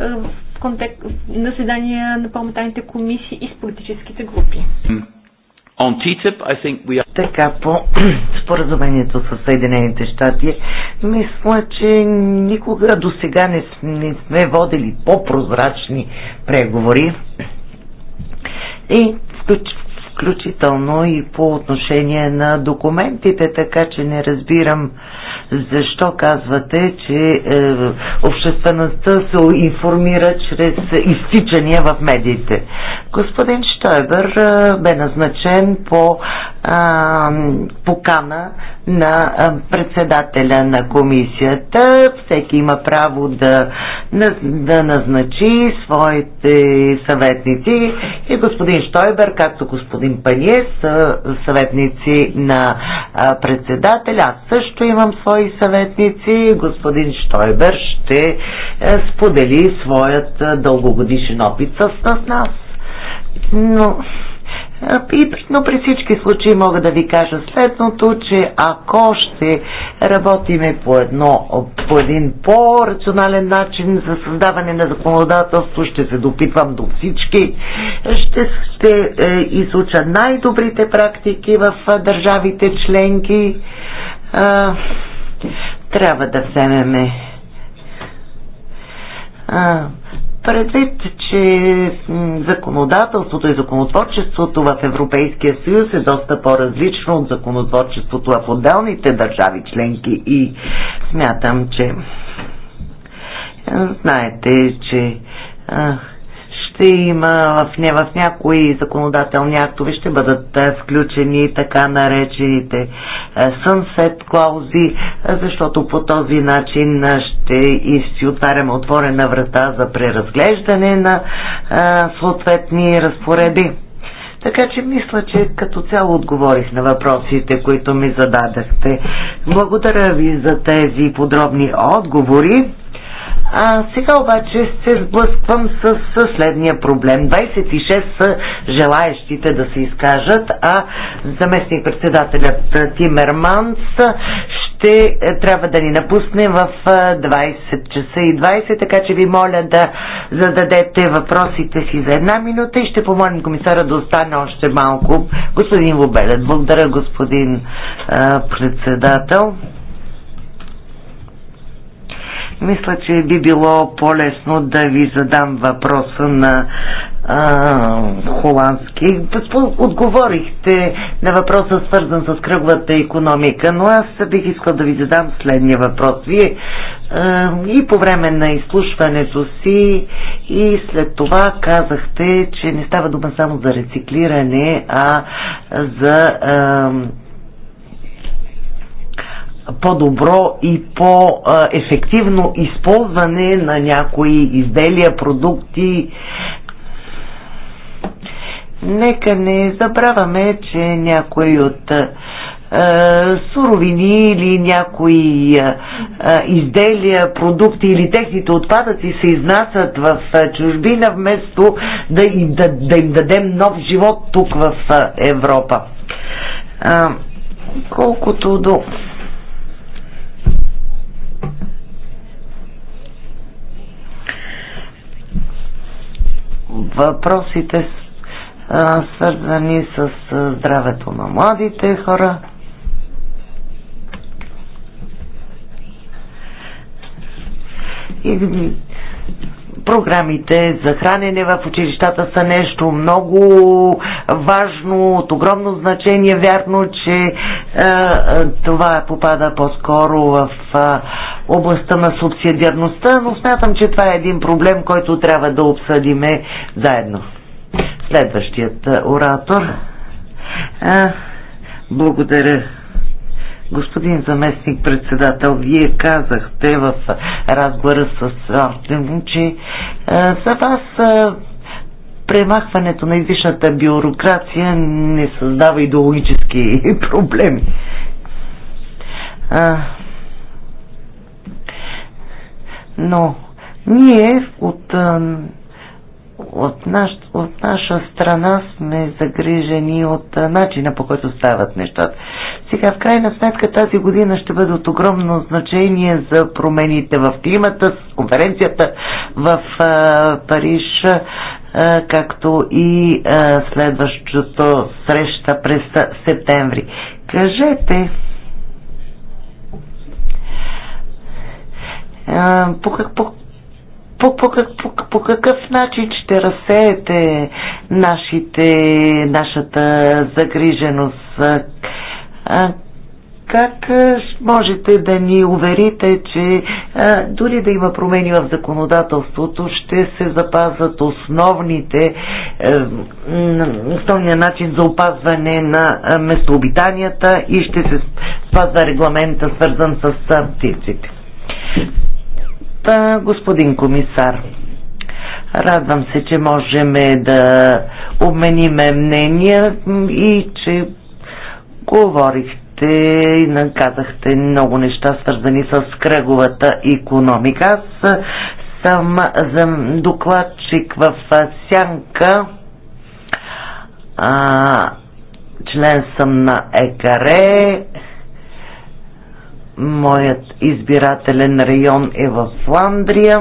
в Наседания на заседания на парламентарните комисии и с политическите групи. Mm. On TTIP, I think we are... Така, по споразумението с Съединените щати, мисля, че никога до сега не, не сме водили по-прозрачни преговори. И включ, включително и по отношение на документите, така че не разбирам защо казвате, че е, обществеността се информира чрез изтичания в медиите? Господин Штойбер е, бе назначен по е, покана на председателя на комисията. Всеки има право да, да назначи своите съветници и господин Штойбер, както господин Панье, са съветници на председателя. Аз също имам свои съветници, господин Штойбер ще е, сподели своят е, дългогодишен опит с нас. Но е, и, но при всички случаи мога да ви кажа следното, че ако ще работиме по, едно, по един по-рационален начин за създаване на законодателство, ще се допитвам до всички, ще, ще е, изуча най-добрите практики в държавите членки. Трябва да вземеме а, предвид, че законодателството и законотворчеството в Европейския съюз е доста по-различно от законотворчеството в отделните държави членки и смятам, че знаете, че ще има в, не, в някои законодателни актове ще бъдат е, включени така наречените е, sunset клаузи, е, защото по този начин ще и си отваряме отворена врата за преразглеждане на съответни разпореди. Така че мисля, че като цяло отговорих на въпросите, които ми зададахте. Благодаря ви за тези подробни отговори. А сега обаче се сблъсквам с, с следния проблем. 26 са желаещите да се изкажат, а заместник председателят Тимерманс ще е, трябва да ни напусне в 20 е, часа и 20, така че ви моля да зададете въпросите си за една минута и ще помолим комисара да остане още малко. Господин Вобелет, благодаря господин а, е, председател. Мисля, че би било по-лесно да ви задам въпроса на а, холандски. Отговорихте на въпроса свързан с кръглата економика, но аз бих искал да ви задам следния въпрос. Вие и по време на изслушването си и след това казахте, че не става дума само за рециклиране, а за а, по-добро и по-ефективно използване на някои изделия, продукти. Нека не забравяме, че някои от е, суровини или някои е, е, изделия, продукти или техните отпадъци се изнасят в чужбина, вместо да им, да, да им дадем нов живот тук в Европа. колкото до въпросите свързани с здравето на младите хора. И програмите за хранене в училищата са нещо много важно, от огромно значение. Вярно, че е, е, това попада по-скоро в е, областта на субсидиарността, но смятам, че това е един проблем, който трябва да обсъдиме заедно. Следващият е, оратор. Е, благодаря Господин заместник председател, вие казахте в разговора с Артем, че за вас премахването на излишната бюрокрация не създава идеологически проблеми. А, но ние от а, от, наш, от наша страна сме загрижени от начина по който стават нещата. Сега в крайна сметка тази година ще бъде от огромно значение за промените в климата, с конференцията в а, Париж, а, както и а, следващото среща през септември. Кажете, по, по, по, по, по, по какъв начин ще разсеете нашите, нашата загриженост? Как можете да ни уверите, че а, дори да има промени в законодателството, ще се запазват основните, е, основния начин за опазване на местообитанията и ще се спазва регламента, свързан с птиците? Е, господин комисар. Радвам се, че можем да обмениме мнения и че говорихте и наказахте много неща, свързани с кръговата економика. Аз съм за докладчик в Сянка. А, член съм на ЕКАРЕ Моят избирателен район е в Фландрия.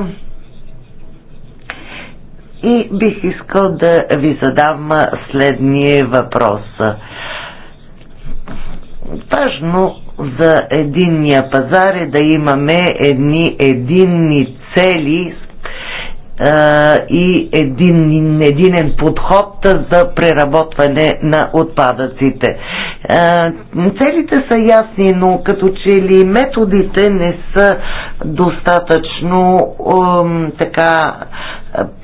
И бих искал да ви задам следния въпрос. Важно за единния пазар е да имаме едни единни цели, и един, единен подход за преработване на отпадъците. Целите са ясни, но като че ли методите не са достатъчно така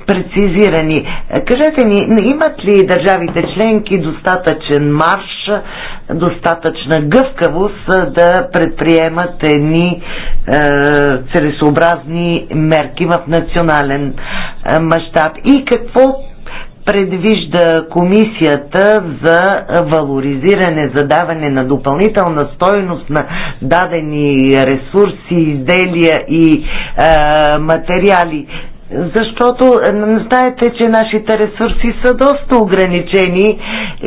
прецизирани. Кажете ни, имат ли държавите членки достатъчен марш, достатъчна гъвкавост да предприемат едни е, целесообразни мерки в национален е, мащаб? И какво предвижда комисията за валоризиране, за даване на допълнителна стойност на дадени ресурси, изделия и е, материали защото е, знаете, че нашите ресурси са доста ограничени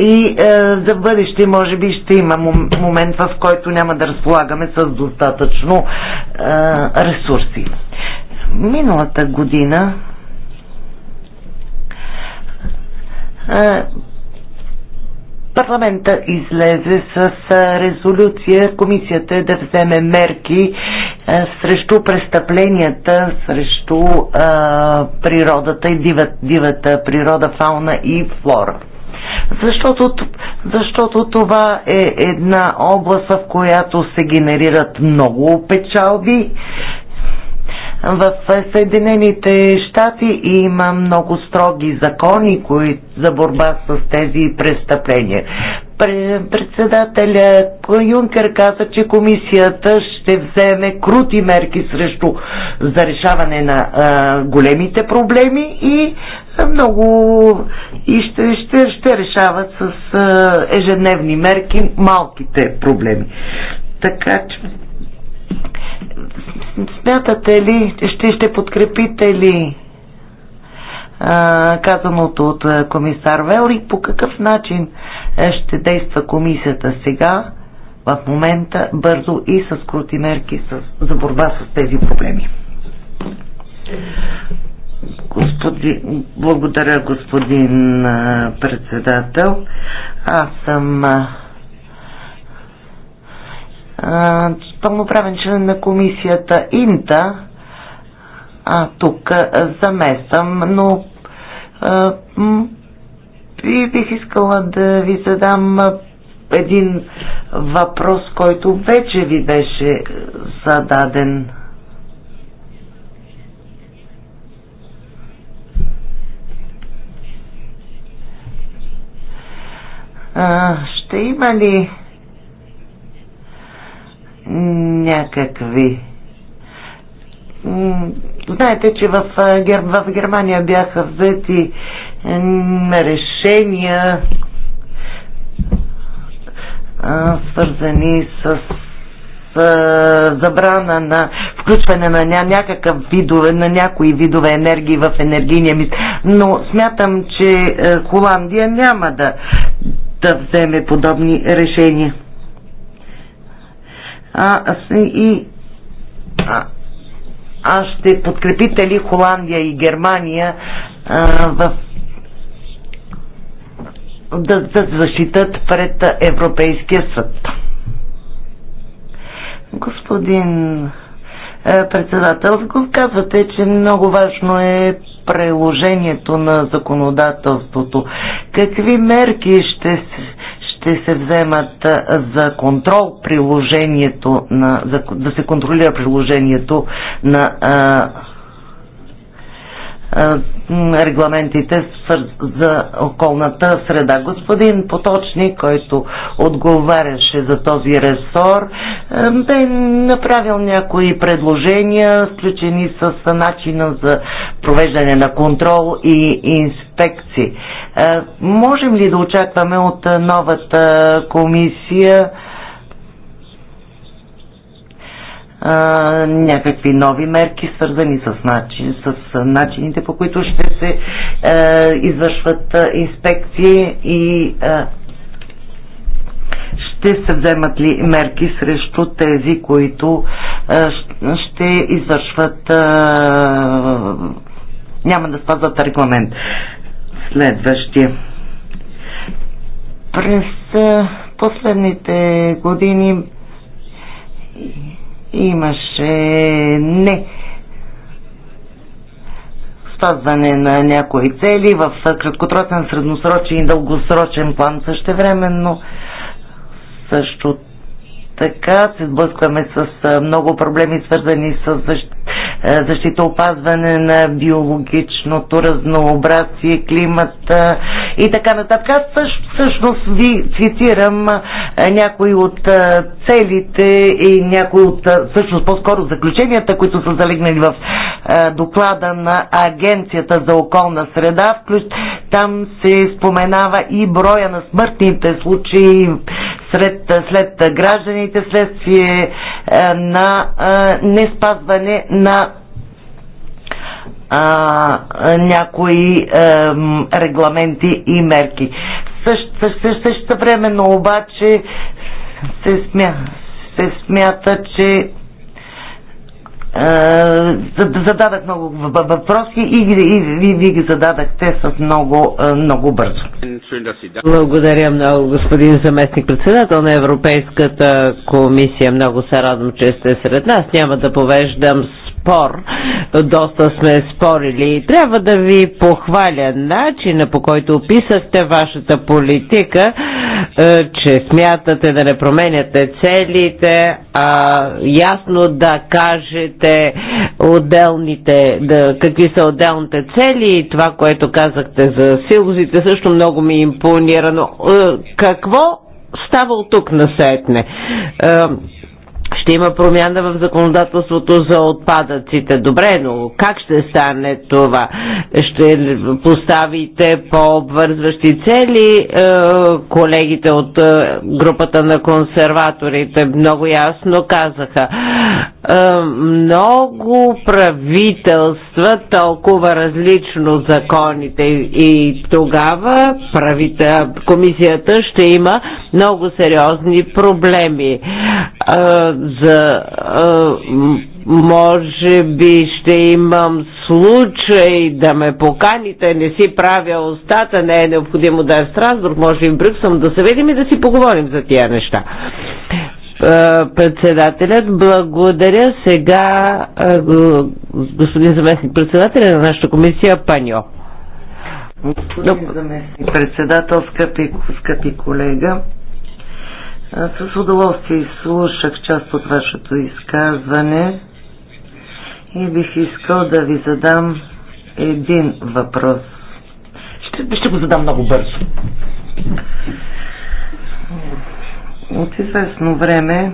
и е, за бъдеще може би ще има момент, в който няма да разполагаме с достатъчно е, ресурси. Миналата година е, парламента излезе с резолюция комисията е да вземе мерки срещу престъпленията, срещу природата и дивата, дивата природа, фауна и флора. Защото, защото това е една област, в която се генерират много печалби в Съединените щати има много строги закони кои, за борба с тези престъпления. Председателя Юнкер каза, че комисията ще вземе крути мерки срещу за решаване на а, големите проблеми и много и ще, ще, ще решават с а, ежедневни мерки малките проблеми. Така че Смятате ли, ще, ще подкрепите ли а, казаното от комисар Вели, по какъв начин е, ще действа комисията сега, в момента, бързо и с крути мерки с, за борба с тези проблеми? Господи, благодаря, господин а, председател. Аз съм а, пълноправен член на комисията Инта, а тук замествам, но а, и бих искала да ви задам един въпрос, който вече ви беше зададен. А, ще има ли някакви. Знаете, че в, Гер... в Германия бяха взети решения, свързани с забрана на включване на ня, някакъв видове, на някои видове енергии в енергийния мис. Но смятам, че е, Холандия няма да, да вземе подобни решения а, и а, а ще подкрепите ли Холандия и Германия а, в да, да защитат пред Европейския съд. Господин е, председател, казвате, че много важно е приложението на законодателството. Какви мерки ще се ще се вземат за контрол приложението на, за, да се контролира приложението на а, е, регламентите за околната среда. Господин Поточник, който отговаряше за този ресор, е, бе направил някои предложения, включени с начина за провеждане на контрол и инспекции. Е, можем ли да очакваме от новата комисия а, някакви нови мерки, свързани с, начин, с начините по които ще се а, извършват а, инспекции и а, ще се вземат ли мерки срещу тези, които а, ще извършват а, няма да спазват регламент. Следващия. През а, последните години имаше не спазване на някои цели в краткосрочен, средносрочен и дългосрочен план също време, но Също така се сблъскваме с много проблеми, свързани с защ... защита, опазване на биологичното разнообразие, климата и така нататък. Аз всъщност ви цитирам някои от целите и някои от, всъщност по-скоро заключенията, които са залегнали в доклада на Агенцията за околна среда. Там се споменава и броя на смъртните случаи сред, след гражданите следствие е, на е, не спазване на а, някои а, е, регламенти и мерки. Също, също, време, но обаче се, смя, се смята, че е, зададах много въпроси и, и, и ви ги зададахте с много, е, много бързо. Благодаря много, господин заместник председател на Европейската комисия. Много се радвам, че сте сред нас. Няма да повеждам спор. Доста сме спорили. Трябва да ви похваля начина по който описахте вашата политика, е, че смятате да не променяте целите, а ясно да кажете отделните, да, какви са отделните цели и това, което казахте за силозите, също много ми е импонирано. Какво става от тук насетне? Е, ще има промяна в законодателството за отпадъците. Добре, но как ще стане това? Ще поставите по-обвързващи цели е, колегите от е, групата на консерваторите много ясно казаха. Е, много правителства толкова различно законите и тогава правите, комисията ще има много сериозни проблеми за може би ще имам случай да ме поканите, не си правя устата, не е необходимо да е Страсбург, може и в Брюксел, да се видим и да си поговорим за тия неща. Председателят, благодаря сега господин заместник председателя на нашата комисия Паньо. Господин заместник председател, скъпи, скъпи колега, е, с удоволствие слушах част от вашето изказване и бих искал да ви задам един въпрос. Ще, ще го задам много бързо. От известно време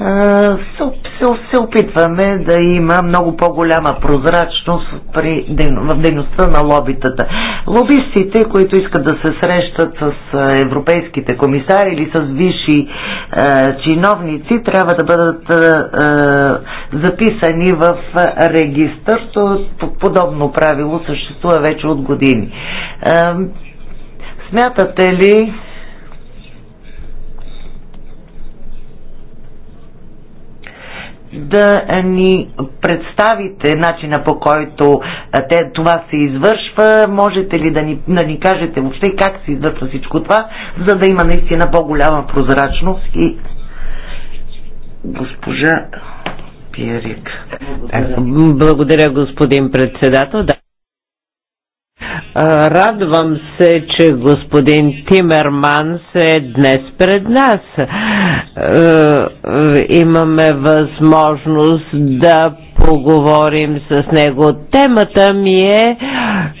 се, се, се опитваме да има много по-голяма прозрачност при, в дейността на лобитата. Лобистите, които искат да се срещат с европейските комисари или с висши е, чиновници, трябва да бъдат е, записани в регистър. Подобно правило съществува вече от години. Е, смятате ли, да ни представите начина по който те, това се извършва? Можете ли да ни, да ни кажете въобще как се извършва всичко това, за да има наистина по-голяма прозрачност и госпожа Пиерик. Благодаря, господин председател. Радвам се, че господин Тимерман се е днес пред нас. Имаме възможност да поговорим с него. Темата ми е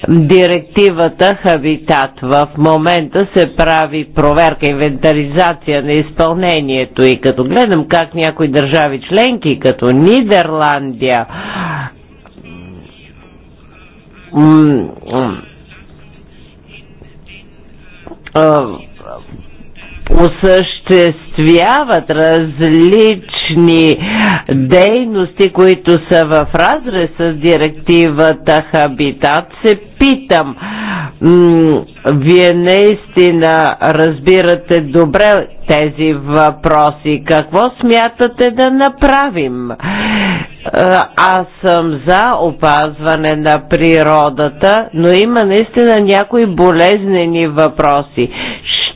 директивата Хабитат. В момента се прави проверка, инвентаризация на изпълнението и като гледам как някои държави членки, като Нидерландия, а, осъществяват различни дейности, които са в разрез с директивата Хабитат, се питам, вие наистина разбирате добре тези въпроси. Какво смятате да направим? Е, аз съм за опазване на природата, но има наистина някои болезнени въпроси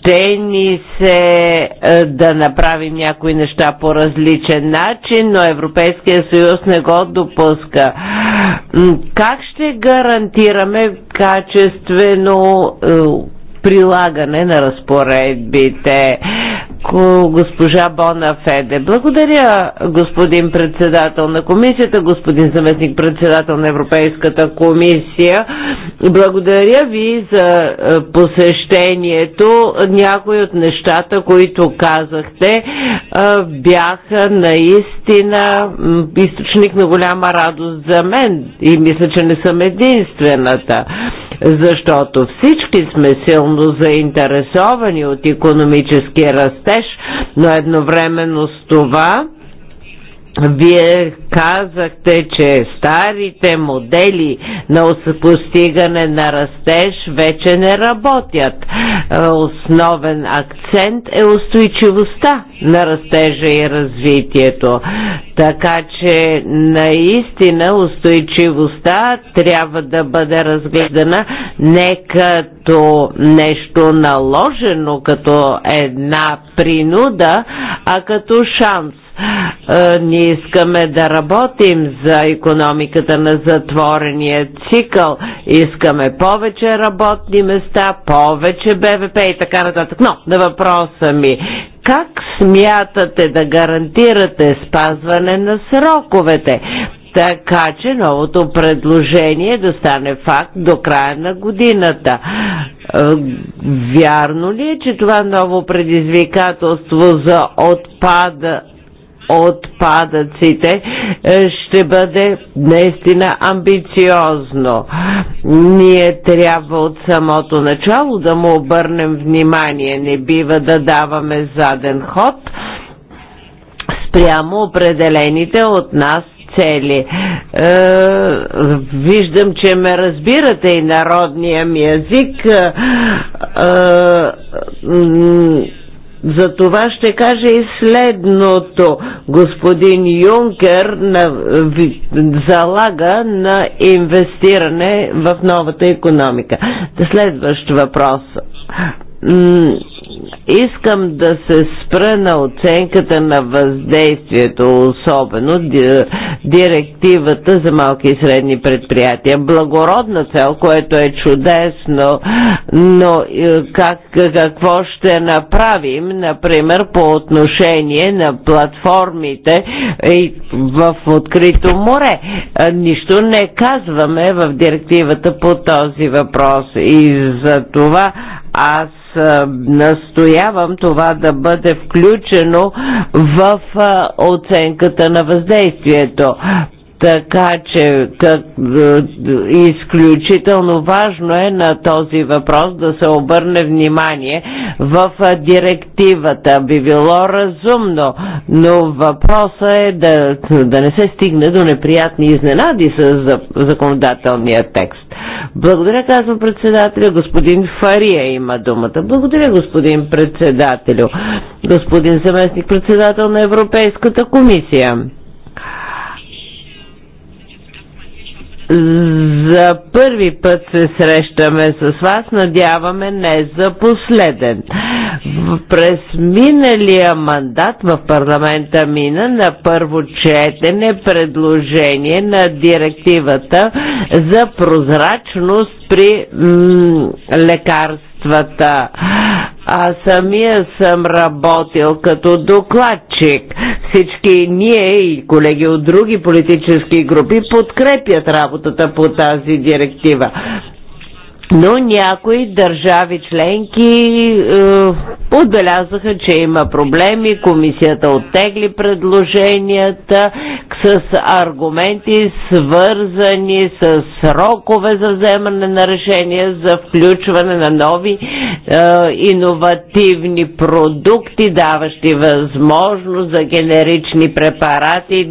ще ни се е, да направим някои неща по различен начин, но Европейския съюз не го допуска. Как ще гарантираме качествено е, прилагане на разпоредбите. Госпожа Бона Феде. Благодаря, господин председател на комисията, господин заместник председател на Европейската комисия. Благодаря ви за е, посещението. Някои от нещата, които казахте, е, бяха наистина източник на голяма радост за мен и мисля, че не съм единствената защото всички сме силно заинтересовани от економически растеж, но едновременно с това вие казахте, че старите модели на постигане на растеж вече не работят. Е, основен акцент е устойчивостта на растежа и развитието. Така че наистина устойчивостта трябва да бъде разгледана не като нещо наложено, като една принуда, а като шанс е, ние искаме да работим за економиката на затворения цикъл. Искаме повече работни места, повече БВП и така нататък. Но на въпроса ми, как смятате да гарантирате спазване на сроковете? Така че новото предложение да стане факт до края на годината. Е, вярно ли е, че това ново предизвикателство за отпада, отпадъците е, ще бъде наистина амбициозно. Ние трябва от самото начало да му обърнем внимание. Не бива да даваме заден ход спрямо определените от нас цели. Е, виждам, че ме разбирате и народния ми език. Е, е, за това ще кажа и следното. Господин Юнкер на, ви, залага на инвестиране в новата економика. Следващ въпрос Искам да се спра на оценката на въздействието, особено директивата за малки и средни предприятия. Благородна цел, което е чудесно, но е, как, какво ще направим, например, по отношение на платформите в открито море? Е, нищо не казваме в директивата по този въпрос и за това аз настоявам това да бъде включено в оценката на въздействието. Така че как, изключително важно е на този въпрос да се обърне внимание в директивата. Би било разумно, но въпросът е да, да не се стигне до неприятни изненади с законодателния текст. Благодаря, казвам председателя. Господин Фария има думата. Благодаря, господин председателю. Господин заместник председател на Европейската комисия. За първи път се срещаме с вас, надяваме не за последен. През миналия мандат в парламента мина на първо четене предложение на директивата за прозрачност при лекарства средствата. Аз самия съм работил като докладчик. Всички ние и колеги от други политически групи подкрепят работата по тази директива но някои държави членки е, отбелязаха, че има проблеми, комисията оттегли предложенията с аргументи свързани с срокове за вземане на решения за включване на нови е, иновативни продукти, даващи възможност за генерични препарати,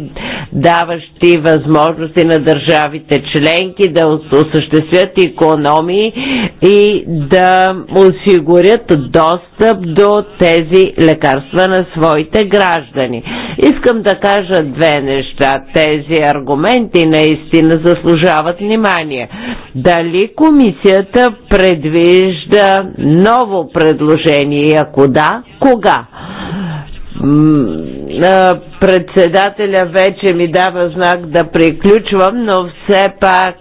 даващи възможности на държавите членки да осъществят економии и да осигурят достъп до тези лекарства на своите граждани. Искам да кажа две неща. Тези аргументи наистина заслужават внимание. Дали комисията предвижда ново предложение и ако да, кога? председателя вече ми дава знак да приключвам, но все пак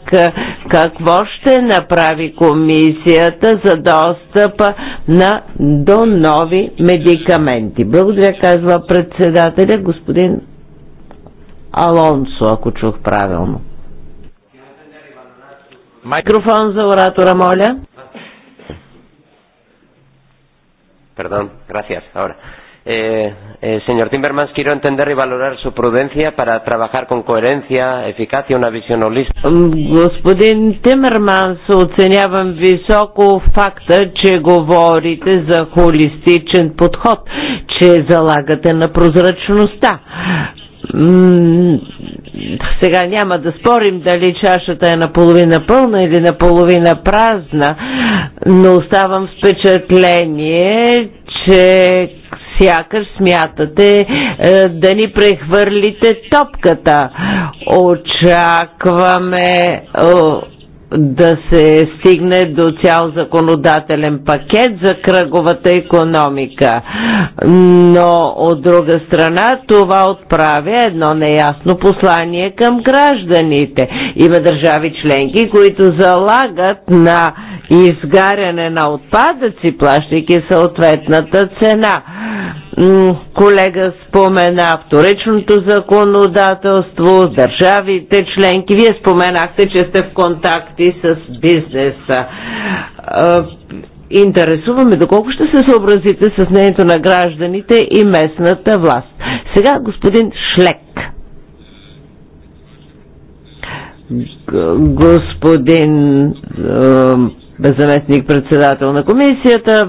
какво ще направи комисията за достъпа на, до нови медикаменти? Благодаря, казва председателя господин Алонсо, ако чух правилно. Микрофон за оратора, моля. Perdón, gracias. Ahora. Eh, eh, señor Timmermans, quiero entender y valorar su prudencia para trabajar con coherencia, eficacia, una visión holística. Господин Тимерманс, оценявам високо факта, че говорите за холистичен подход, че залагате на прозрачността сега няма да спорим дали чашата е наполовина пълна или наполовина празна, но оставам впечатление, че сякаш смятате е, да ни прехвърлите топката. Очакваме е, да се стигне до цял законодателен пакет за кръговата економика. Но от друга страна това отправя едно неясно послание към гражданите. Има държави членки, които залагат на изгаряне на отпадъци, плащайки съответната цена колега спомена вторичното законодателство, държавите членки. Вие споменахте, че сте в контакти с бизнеса. Интересуваме доколко ще се съобразите с мнението на гражданите и местната власт. Сега господин Шлек. Господин заместник председател на комисията,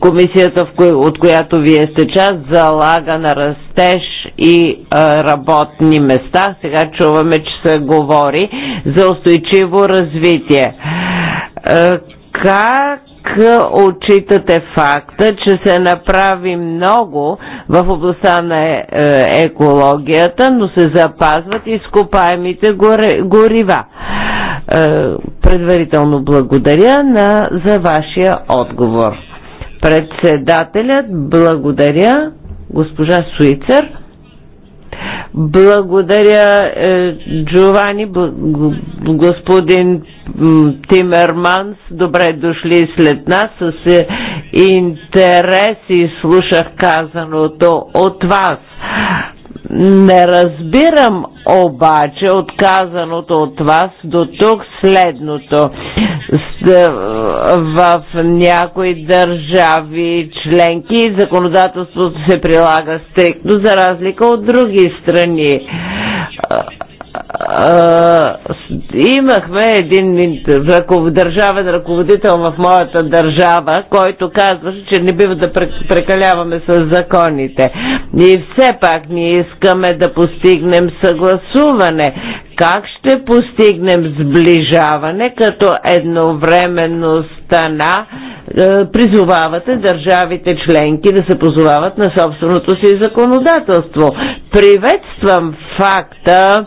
комисията, в кои, от която вие сте част, залага на растеж и а, работни места. Сега чуваме, че се говори за устойчиво развитие. А, как отчитате факта, че се направи много в областта на е, е, екологията, но се запазват изкопаемите горива. Е, предварително благодаря на, за вашия отговор. Председателят благодаря госпожа Суицер. Благодаря, е, Джовани, господин Тимерманс. Добре дошли след нас. С е, интерес и слушах казаното от вас. Не разбирам обаче отказаното от вас до тук следното. Е, в някои държави членки законодателството се прилага стриктно за разлика от други страни е, имахме един държавен ръководител в моята държава, който казваше, че не бива да прекаляваме с законите. И все пак ние искаме да постигнем съгласуване. Как ще постигнем сближаване, като едновременно стана е, призовавате държавите членки да се позовават на собственото си законодателство? Приветствам факта,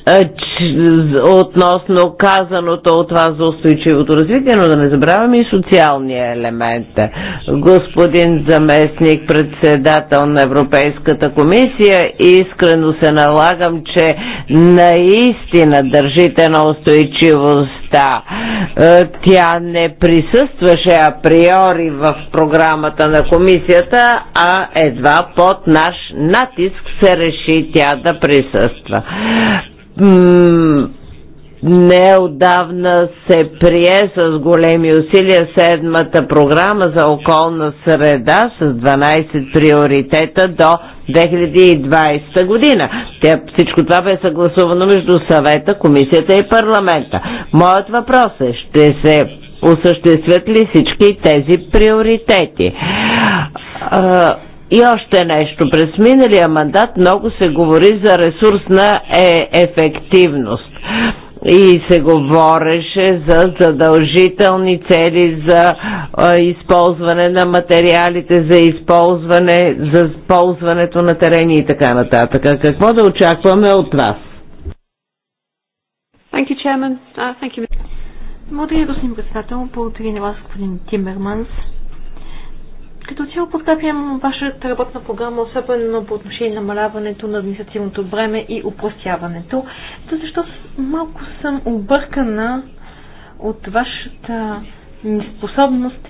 Е, относно казаното от вас за устойчивото развитие, но да не забравяме и социалния елемент. Господин заместник, председател на Европейската комисия, искрено се налагам, че наистина държите на устойчивостта. Е, тя не присъстваше априори в програмата на комисията, а едва под наш натиск се реши тя да присъства Неодавна се прие с големи усилия седмата програма за околна среда с 12 приоритета до 2020 година. Тя, всичко това бе съгласувано между съвета, комисията и парламента. Моят въпрос е, ще се осъществят ли всички тези приоритети? И още нещо. През миналия мандат много се говори за ресурсна е ефективност и се говореше за задължителни цели за а, използване на материалите, за използване, за ползването на терени и така нататък. Какво да очакваме от вас? Thank you, Chairman. Uh, thank you. Благодаря, господин председател. Благодаря на вас, господин Тимерманс. Като цяло подкрепям вашата работна програма, особено по отношение на намаляването на административното време и упростяването. То защо малко съм объркана от вашата неспособност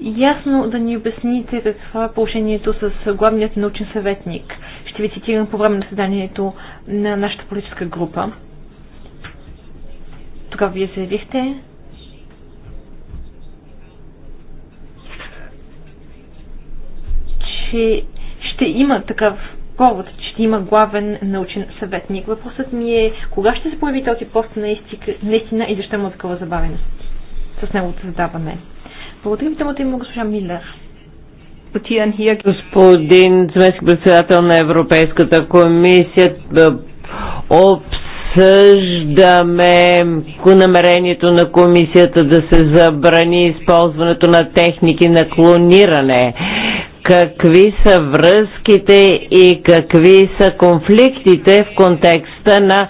ясно да ни обясните какво е положението с главният научен съветник. Ще ви цитирам по време на съданието на нашата политическа група. Тогава вие заявихте, че ще има такъв повод, че ще има главен научен съветник. Въпросът ми е кога ще се появи този пост наистина и защо има такава забавеност? с неговото задаване. Благодаря ви, темата има госпожа Милер. Господин заместник председател на Европейската комисия обсъждаме намерението на комисията да се забрани използването на техники на клониране какви са връзките и какви са конфликтите в контекста на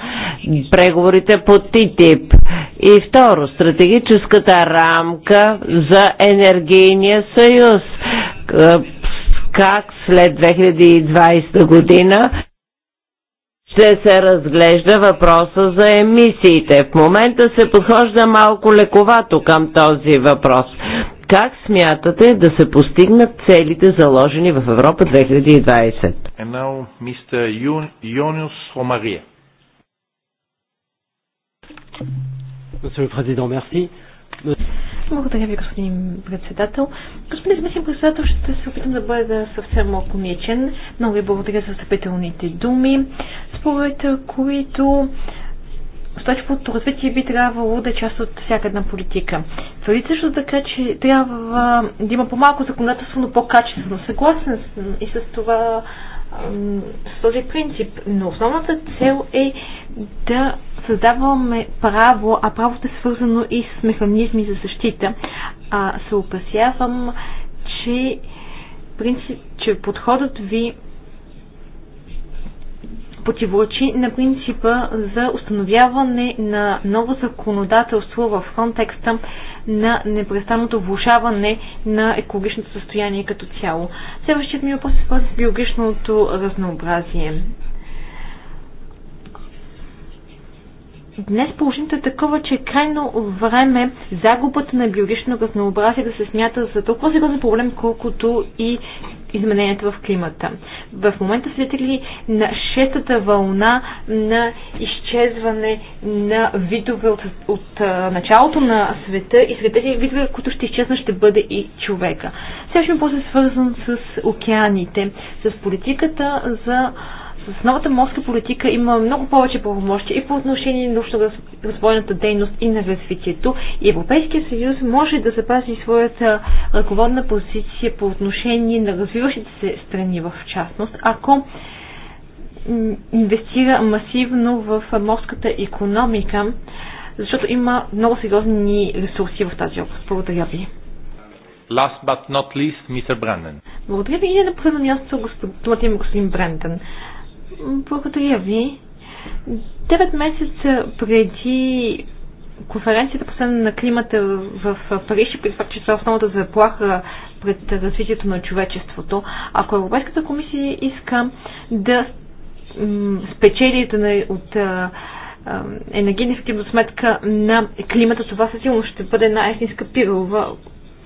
преговорите по ТИТИП. И второ, стратегическата рамка за енергийния съюз. Как след 2020 година ще се разглежда въпроса за емисиите. В момента се подхожда малко лековато към този въпрос. Как смятате да се постигнат целите заложени в Европа 2020? And now, Mr. Благодаря ви, господин председател. Господин заместник председател, ще се опитам да бъда съвсем лаконичен. Много ви благодаря за встъпителните думи, според които устойчивото развитие би трябвало да е част от всяка една политика. Твърди също така, че трябва да има по-малко законодателство, но по-качествено. Съгласен съм и с това с този принцип, но основната цел е да създаваме право, а правото е свързано и с механизми за защита. А се опасявам, че, принцип, че подходът ви противоречи на принципа за установяване на ново законодателство в контекста на непрестанното влушаване на екологичното състояние като цяло. Следващият ми въпрос е свързан с биологичното разнообразие. Днес положението е такова, че е крайно време загубата на биологично разнообразие да се смята за толкова сериозен проблем, колкото и Изменението в климата. В момента свидетели на шестата вълна на изчезване на видове от, от началото на света и сред тези видове, които ще изчезнат, ще бъде и човека. Следващия въпрос е свързан с океаните, с политиката за с новата морска политика има много повече правомощия и по отношение на научно-развойната дейност и на развитието. И Европейския съюз може да запази своята ръководна позиция по отношение на развиващите се страни в частност, ако инвестира масивно в морската економика, защото има много сериозни ресурси в тази област. Благодаря ви. Last but not least, Mr. Brandon. Благодаря ви и на последно място думата има господин Брендън. Благодаря ви. Девет месеца преди конференцията последна на климата в Париж и при че това е основната заплаха пред развитието на човечеството, ако Европейската комисия иска да спечели от енергийна ефективна сметка на климата, това със сигурност ще бъде една истинска пирова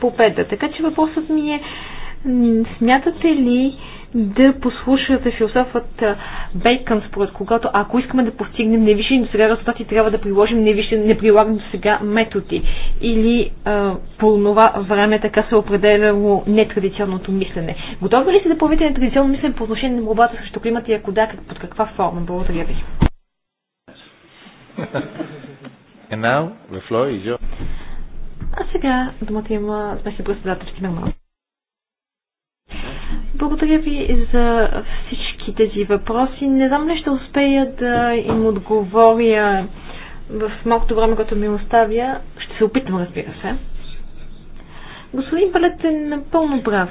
победа. Така че въпросът ми е, смятате ли, да послушате философът Бейкън, според когато ако искаме да постигнем невишени до сега резултати, трябва да приложим невиждани, неприлагани до сега методи. Или а, по това време така се е определяло нетрадиционното мислене. Готови ли сте да помните нетрадиционно мислене по отношение на борбата срещу климата и ако да, как, под каква форма? Благодаря ви. And now, the floor is your... А сега думата има заместник председател Тимерман. Благодаря ви за всички тези въпроси. Не знам ли ще успея да им отговоря в малкото време, което ми оставя. Ще се опитам, разбира се. Господин Палет е напълно прав.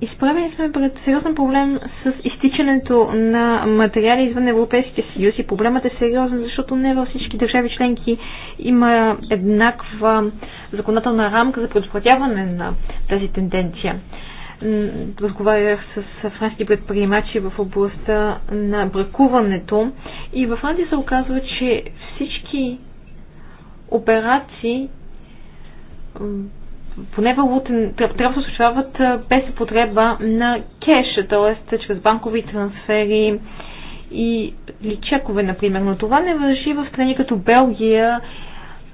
Изправени сме пред сериозен проблем с изтичането на материали извън Европейския съюз и проблемът е сериозен, защото не във всички държави членки има еднаква законодателна рамка за предотвратяване на тази тенденция. Разговарях с франски предприемачи в областта на бракуването и във Франция се оказва, че всички операции поне валутен, трябва да се осъществяват без употреба на кеш, т.е. чрез банкови трансфери и или чекове, например. Но това не върши в страни като Белгия,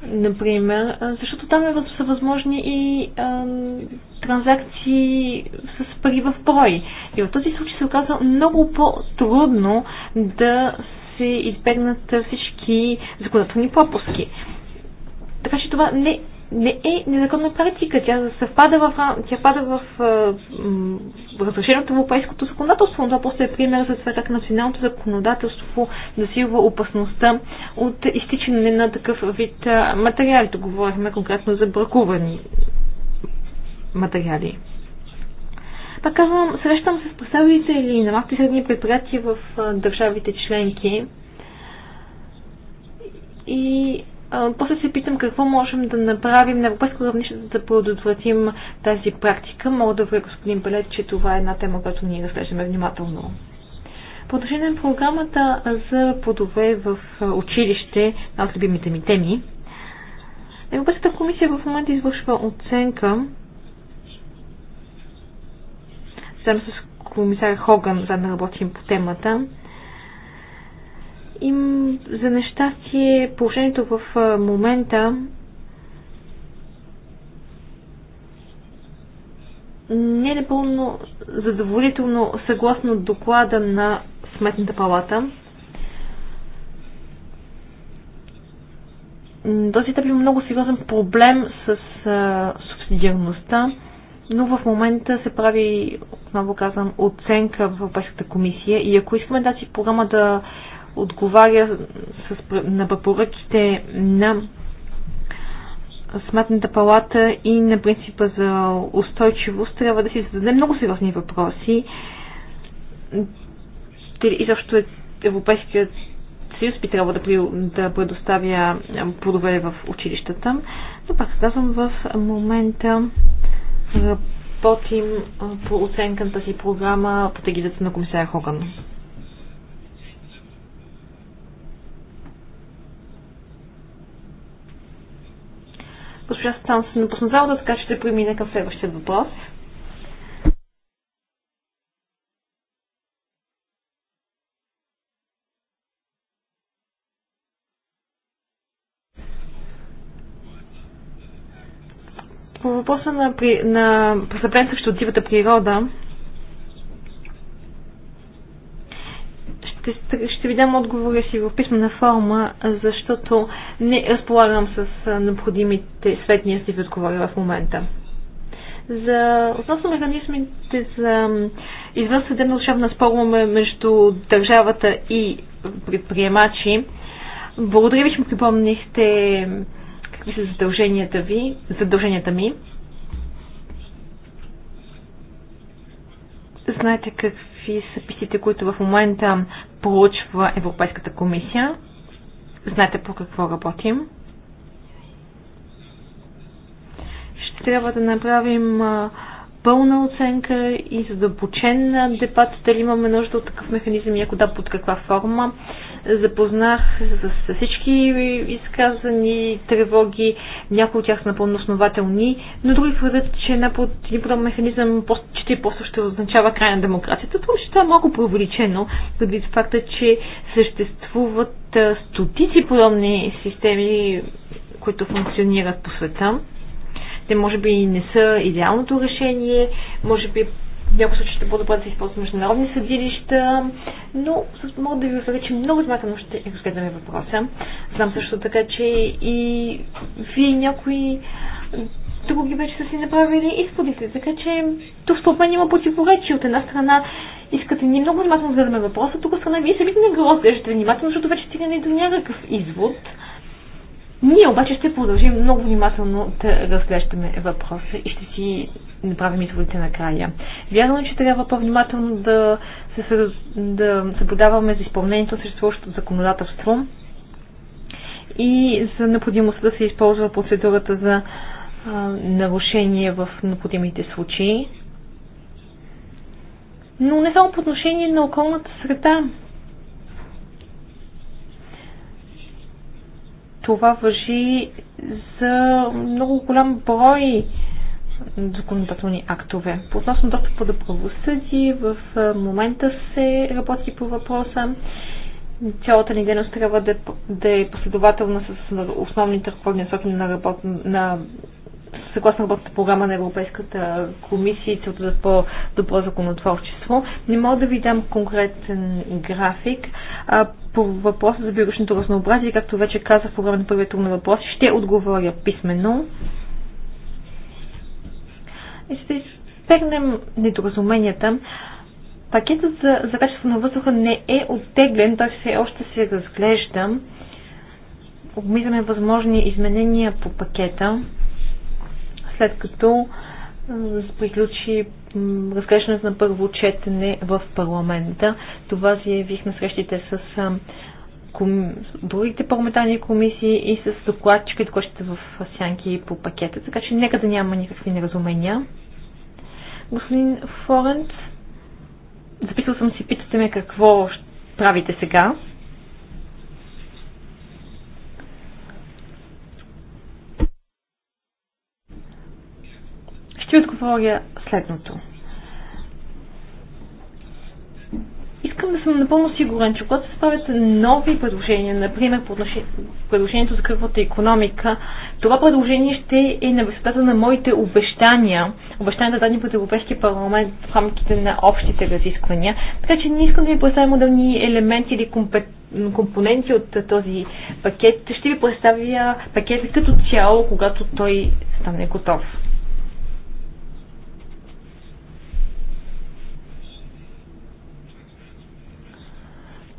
например, защото там е, са възможни и а, транзакции с пари в брой. И в този случай се оказва много по-трудно да се избегнат всички законодателни пропуски. Така че това не не е незаконна практика. Тя съвпада в, тя пада в, в, в разрешеното европейското законодателство, но това просто е пример за това как националното законодателство засилва опасността от изтичане на такъв вид материали. Тук говорихме конкретно за бракувани материали. Пак казвам, срещам се с представители на малки средни предприятия в държавите членки и после се питам какво можем да направим на европейско равнище, за да предотвратим тази практика. Мога да уверя господин Белет, че това е една тема, която ние разглеждаме внимателно. Продължение на програмата за плодове в училище, една от любимите ми теми, Европейската комисия в момента извършва оценка заедно с комисар Хоган, заедно да работим по темата им, за нещастие, положението в момента не е напълно задоволително съгласно доклада на Сметната палата. Този етап има много сериозен проблем с а, субсидиарността, но в момента се прави, отново казвам, оценка в Европейската комисия и ако искаме тази програма да отговаря с, на препоръките на Сметната палата и на принципа за устойчивост, трябва да си зададе много сериозни въпроси. И защо е Европейският съюз би трябвало да, при, да предоставя плодове в училищата. Но пак казвам, в момента работим по оценка на тази програма под егидата на комисаря Хоган. Госпожа Стан се напусна залата, така ще премина към следващия въпрос. По въпроса на, на престъпление срещу дивата природа, ще, ще ви дам отговора си в писмена форма, защото не разполагам с необходимите светния си ви отговоря в момента. За, относно механизмите за извънсъдебна душевна спорове между държавата и предприемачи, благодаря ви, че ми припомнихте какви са задълженията ви, задълженията ми. Знаете какви какви са пистите, които в момента проучва Европейската комисия. Знаете по какво работим. Ще трябва да направим пълна оценка и задълбочен дебат, дали имаме нужда от такъв механизъм и ако да, под каква форма запознах с всички изказани тревоги, някои от тях са напълно основателни, но други твърдят, че една под, един подобен механизъм че ти после ще означава край на демокрацията. Това ще е малко преувеличено, заради факта, че съществуват стотици подобни системи, които функционират по света. Те може би не са идеалното решение, може би някои случаи ще бъдат да използват международни съдилища, но мога да ви уверя, че много внимателно ще разгледаме въпроса. Знам също така, че и вие някои други вече са си направили изходите, така че тук според мен има противоречие. От една страна искате ние много внимателно да разгледаме въпроса, от друга страна вие самите не го разглеждате внимателно, защото вече стигнали до някакъв извод. Ние обаче ще продължим много внимателно да разглеждаме въпроса и ще си направим изводите накрая. Вярно е, че трябва по-внимателно да, се, да съблюдаваме за изпълнението на съществуващото законодателство и за необходимостта да се използва процедурата за а, нарушение в необходимите случаи. Но не само по отношение на околната среда. Това въжи за много голям брой законодателни актове. По относно достъпа до правосъдие, в момента се работи по въпроса. Цялата ни дейност трябва да, да е последователна с основните ръководни насоки на, работ... на съгласно работната програма на Европейската комисия и целта за по-добро законотворчество. Не мога да ви дам конкретен график. А по въпроса за биологичното разнообразие, както вече казах по време на първият на въпрос, ще отговоря писменно. И ще изпегнем недоразуменията. Пакетът за, за качество на въздуха не е оттеглен, той все още се разглежда. Обмисляме възможни изменения по пакета, след като приключи разглеждането на първо четене в парламента. Това заявих на срещите с другите парламентарни комисии и с докладчика, ще в сянки по пакета. Така че нека да няма никакви неразумения. Господин Форент, записал съм си, питате ме какво правите сега. Ще отговоря следното. Искам да съм напълно сигурен, че когато се правят нови предложения, например предложението за кръвната економика, това предложение ще е на висотата на моите обещания, обещания да дадени пред Европейския парламент в рамките на общите разисквания. Така че не искам да ви представя моделни елементи или компоненти от този пакет. Ще ви представя пакет като цяло, когато той стане готов.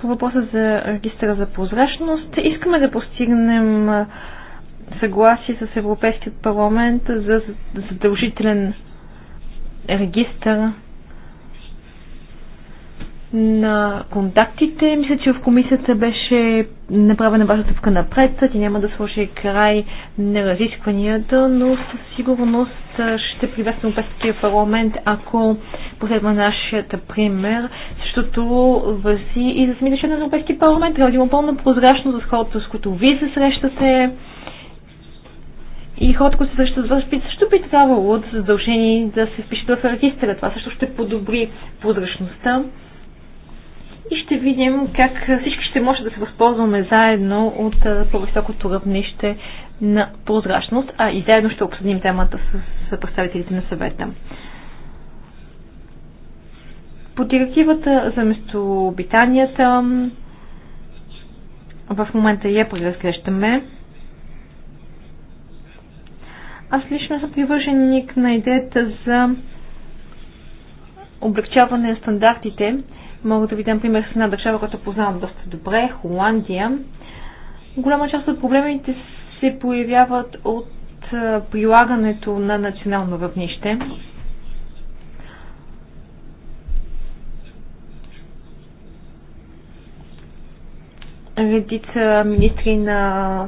По въпроса за регистъра за прозрачност, искаме да постигнем съгласие с Европейският парламент за задължителен регистър на контактите. Мисля, че в комисията беше направена ваша стъпка напред. и няма да сложи край на разискванията, но със сигурност ще приветствам Европейския парламент, ако последва нашият пример, защото въси и за самите на Европейския парламент. Трябва да има пълна прозрачност за хората, с които вие се срещате. И хората, които се срещат с вас, също би трябвало да са задължени да се впишат в регистъра. Това също ще подобри прозрачността и ще видим как всички ще може да се възползваме заедно от по-високото равнище на прозрачност, а и заедно ще обсъдим темата с представителите на съвета. По директивата за местообитанията в момента я преразглеждаме. Аз лично съм привърженик на идеята за облегчаване на стандартите Мога да ви дам пример с една държава, която познавам доста добре, Холандия. Голяма част от проблемите се появяват от прилагането на национално равнище. Редица министри на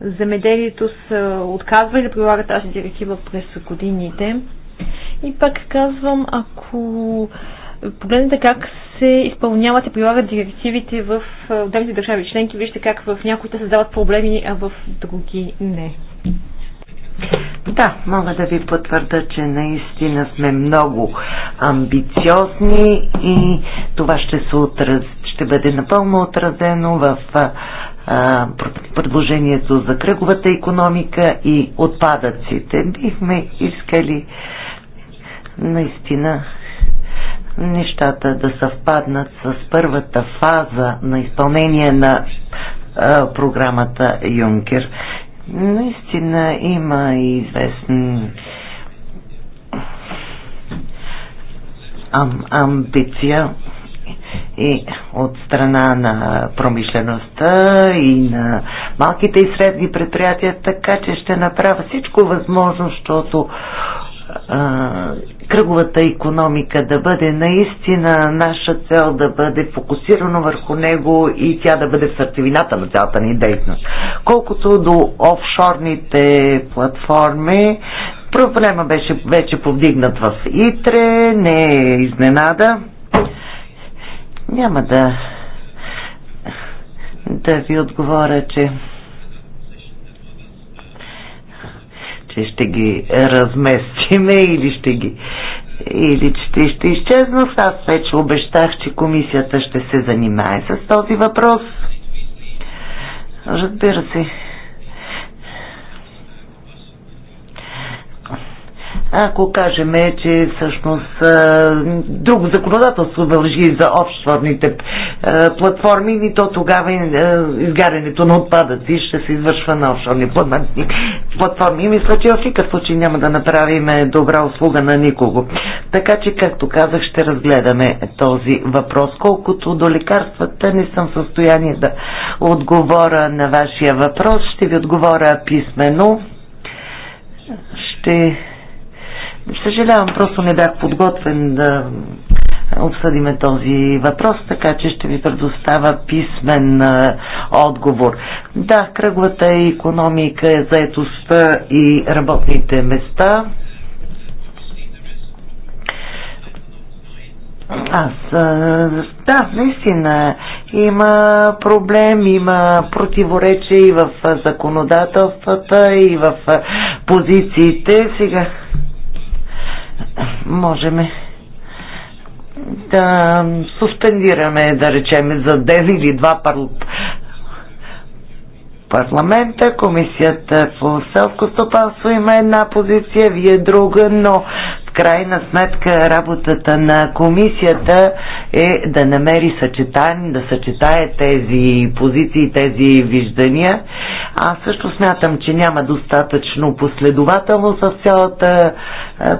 земеделието са отказвали да прилагат тази директива през годините. И пак казвам, ако погледнете как се изпълняват и прилагат директивите в отделните държави членки. Вижте как в някои те създават проблеми, а в други не. Да, мога да ви потвърда, че наистина сме много амбициозни и това ще се отраз... ще бъде напълно отразено в предложението за кръговата економика и отпадъците. Бихме искали наистина нещата да съвпаднат с първата фаза на изпълнение на а, програмата Юнкер. Наистина има и известни ам, амбиция и от страна на промишлеността и на малките и средни предприятия, така че ще направя всичко възможно, защото а, кръговата економика да бъде наистина наша цел, да бъде фокусирано върху него и тя да бъде в сърцевината на цялата ни дейност. Колкото до офшорните платформи, проблема беше вече повдигнат в ИТРЕ, не е изненада. Няма да да ви отговоря, че си ще ги разместиме или ще ги или ще, ще изчезна. Аз вече обещах, че комисията ще се занимае с този въпрос. Разбира се, ако кажем, е, че всъщност друго законодателство вължи за офшорните платформи, ни то тогава е, е, изгарянето на отпадъци ще се извършва на офшорни платформи. И мисля, че в никакъв случай няма да направим добра услуга на никого. Така че, както казах, ще разгледаме този въпрос. Колкото до лекарствата, не съм в състояние да отговоря на вашия въпрос. Ще ви отговоря писменно. Ще Съжалявам, просто не бях подготвен да обсъдиме този въпрос, така че ще ви предоставя писмен а, отговор. Да, кръглата економика, е заетостта и работните места. Аз, а, да, наистина има проблем, има противоречия и в законодателствата, и в позициите. Сега можем да суспендираме, да речем, за ден или два пар... парламента, комисията по селско стопанство има една позиция, вие друга, но крайна сметка работата на комисията е да намери съчетани, да съчетае тези позиции, тези виждания. Аз също смятам, че няма достатъчно последователност в цялата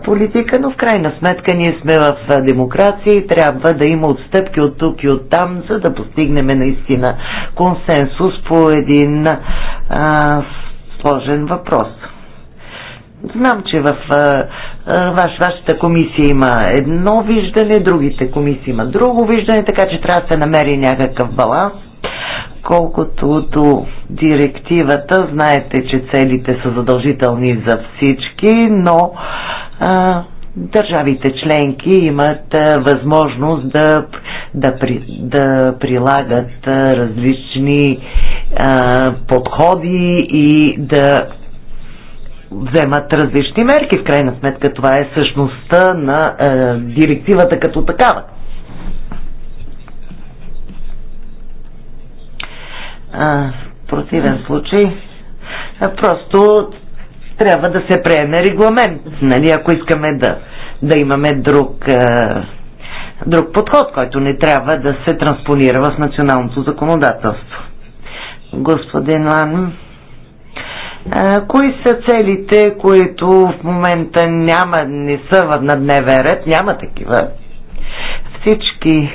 политика, но в крайна сметка ние сме в демокрация и трябва да има отстъпки от тук и от там, за да постигнем наистина консенсус по един а, сложен въпрос. Знам, че в а, а, ваш, вашата комисия има едно виждане, другите комисии има друго виждане, така че трябва да се намери някакъв баланс. Колкото до директивата, знаете, че целите са задължителни за всички, но а, държавите членки имат а, възможност да, да, при, да прилагат а, различни а, подходи и да вземат различни мерки. В крайна сметка това е същността на е, директивата като такава. А, в противен случай е, просто трябва да се приеме регламент, нали, ако искаме да, да имаме друг, е, друг подход, който не трябва да се транспонира в националното законодателство. Господин Лан, Кои са целите, които в момента няма, не са на дневен ред, няма такива. Всички,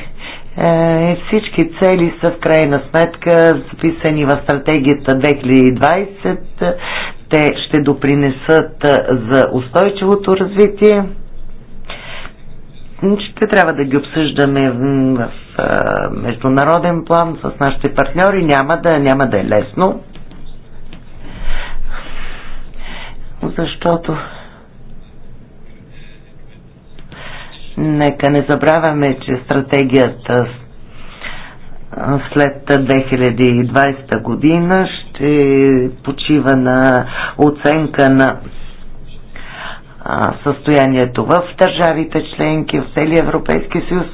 е, всички цели са в крайна сметка записани в стратегията 2020. Те ще допринесат е, за устойчивото развитие. Ще трябва да ги обсъждаме в, в е, международен план с нашите партньори. Няма да, няма да е лесно защото нека не забравяме, че стратегията след 2020 година ще почива на оценка на състоянието в държавите членки, в целия Европейски съюз,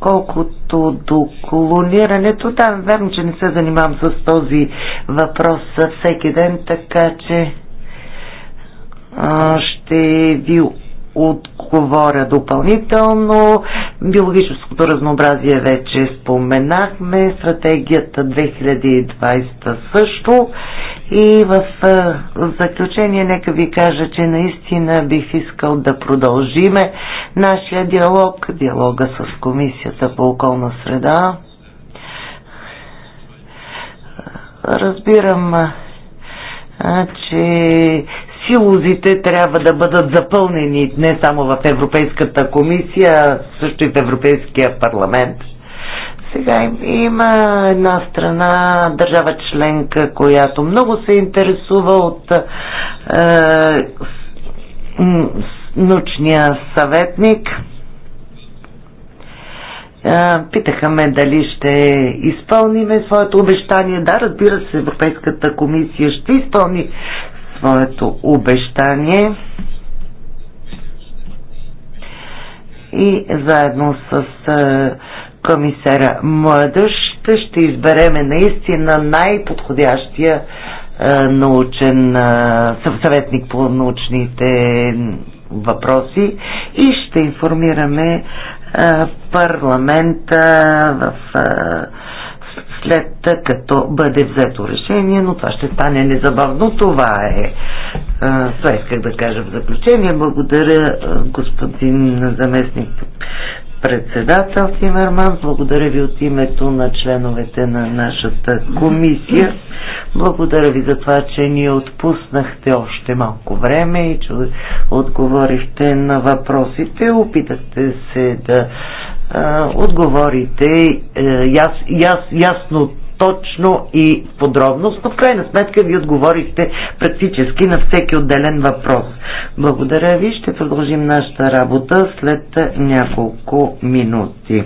Колкото до колонирането, там верно, че не се занимавам с този въпрос всеки ден, така че ще ви отговоря допълнително. Биологическото разнообразие вече споменахме, стратегията 2020 също. И е, в заключение нека ви кажа, че наистина бих искал да продължиме нашия диалог, диалога с Комисията по околна среда. Разбирам, че силозите трябва да бъдат запълнени не само в Европейската комисия, а също и в Европейския парламент. Сега има една страна, държава членка, която много се интересува от е, научния съветник. Е, питаха ме дали ще изпълниме своето обещание. Да, разбира се, Европейската комисия ще изпълни своето обещание и заедно с е, комисара Младъж ще избереме наистина най-подходящия е, научен е, съветник по научните въпроси и ще информираме парламента в след като бъде взето решение, но това ще стане незабавно. Това е. Това исках да кажа в заключение. Благодаря господин заместник председател Тимерман. Благодаря ви от името на членовете на нашата комисия. Благодаря ви за това, че ни отпуснахте още малко време и че отговорихте на въпросите. Опитахте се да отговорите е, яс, яс, ясно, точно и подробно, но в крайна сметка ви отговорихте практически на всеки отделен въпрос. Благодаря ви, ще продължим нашата работа след няколко минути.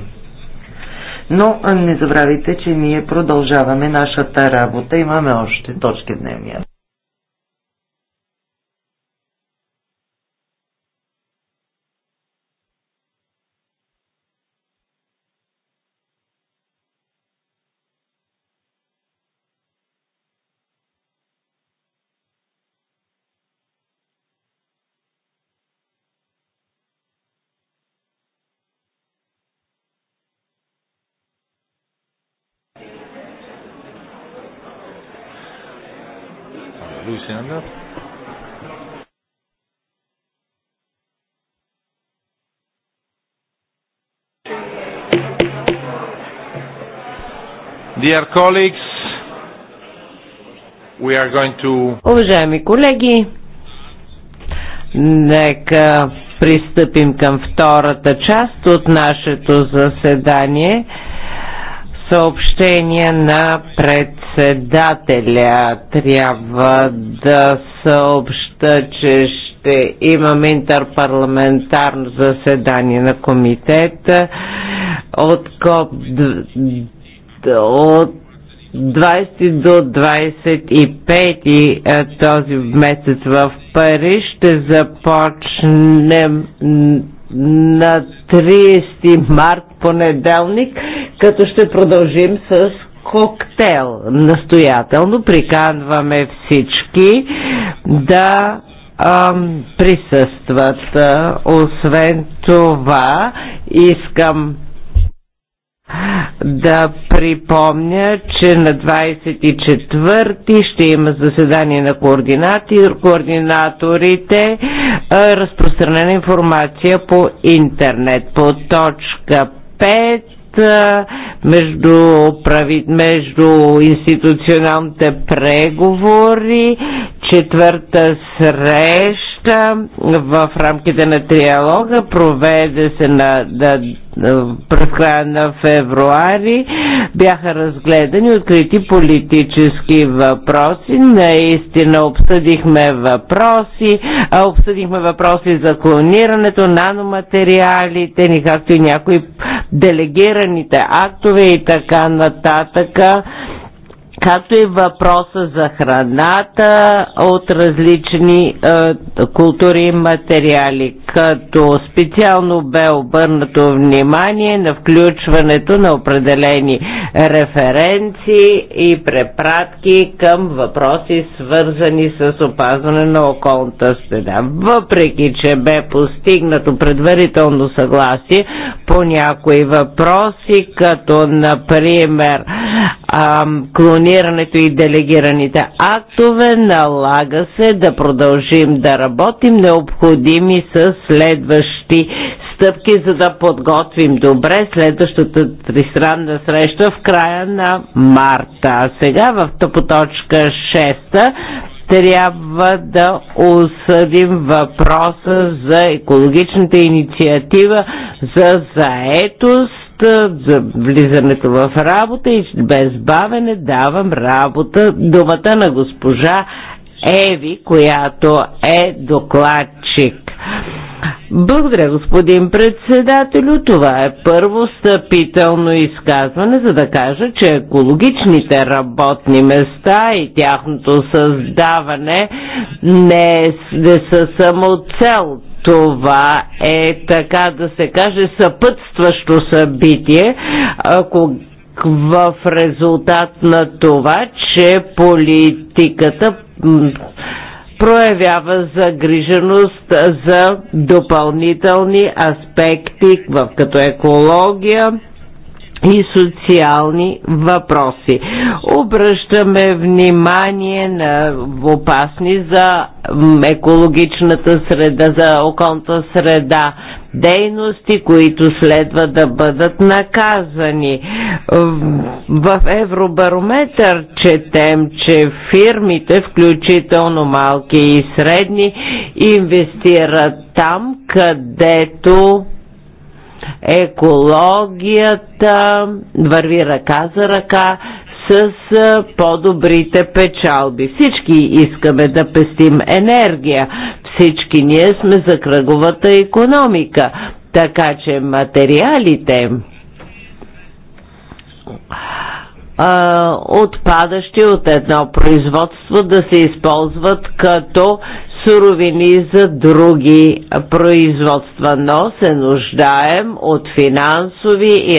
Но не забравяйте, че ние продължаваме нашата работа, имаме още точки в дневния. Dear colleagues, we are going to... Уважаеми колеги, нека пристъпим към втората част от нашето заседание съобщение на председателя. Трябва да съобща, че ще имаме интерпарламентарно заседание на комитета от КОП от 20 до 25 е, този месец в Париж ще започнем на 30 март понеделник, като ще продължим с коктейл. Настоятелно приканваме всички да ам, присъстват. Е, освен това, искам да припомня, че на 24-ти ще има заседание на координаторите, разпространена информация по интернет. По точка 5 между, прави, между институционалните преговори, четвърта среща в рамките на триалога, проведе се на, да, през края на февруари, бяха разгледани открити политически въпроси. Наистина обсъдихме въпроси, обсъдихме въпроси за клонирането, наноматериалите ни, както и някои делегираните актове и така нататък както и въпроса за храната от различни е, култури и материали, като специално бе обърнато внимание на включването на определени референции и препратки към въпроси, свързани с опазване на околната среда. Въпреки, че бе постигнато предварително съгласие по някои въпроси, като например клонирането и делегираните актове, налага се да продължим да работим, необходими с следващи стъпки, за да подготвим добре следващата тристранна среща в края на марта. А сега в топоточка 6 трябва да осъдим въпроса за екологичната инициатива за заетост за влизането в работа и без бавене давам работа, думата на госпожа Еви, която е докладчик. Благодаря, господин председателю. Това е първо стъпително изказване, за да кажа, че екологичните работни места и тяхното създаване не, е, не са само цел. Това е така да се каже съпътстващо събитие, ако в резултат на това, че политиката проявява загриженост за допълнителни аспекти, в като екология, и социални въпроси. Обръщаме внимание на опасни за екологичната среда, за околната среда, дейности, които следва да бъдат наказани. В Евробарометър четем, че фирмите, включително малки и средни, инвестират там, където екологията върви ръка за ръка с по-добрите печалби. Всички искаме да пестим енергия. Всички ние сме за кръговата економика. Така че материалите а, отпадащи от едно производство да се използват като суровини за други производства, но се нуждаем от финансови и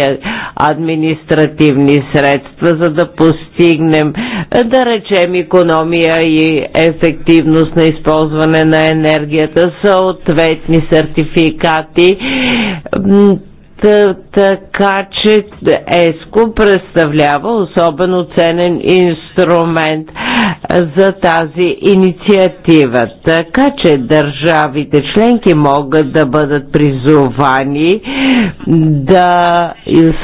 административни средства, за да постигнем, да речем, економия и ефективност на използване на енергията, съответни сертификати така че ЕСКО представлява особено ценен инструмент за тази инициатива. Така че държавите членки могат да бъдат призовани да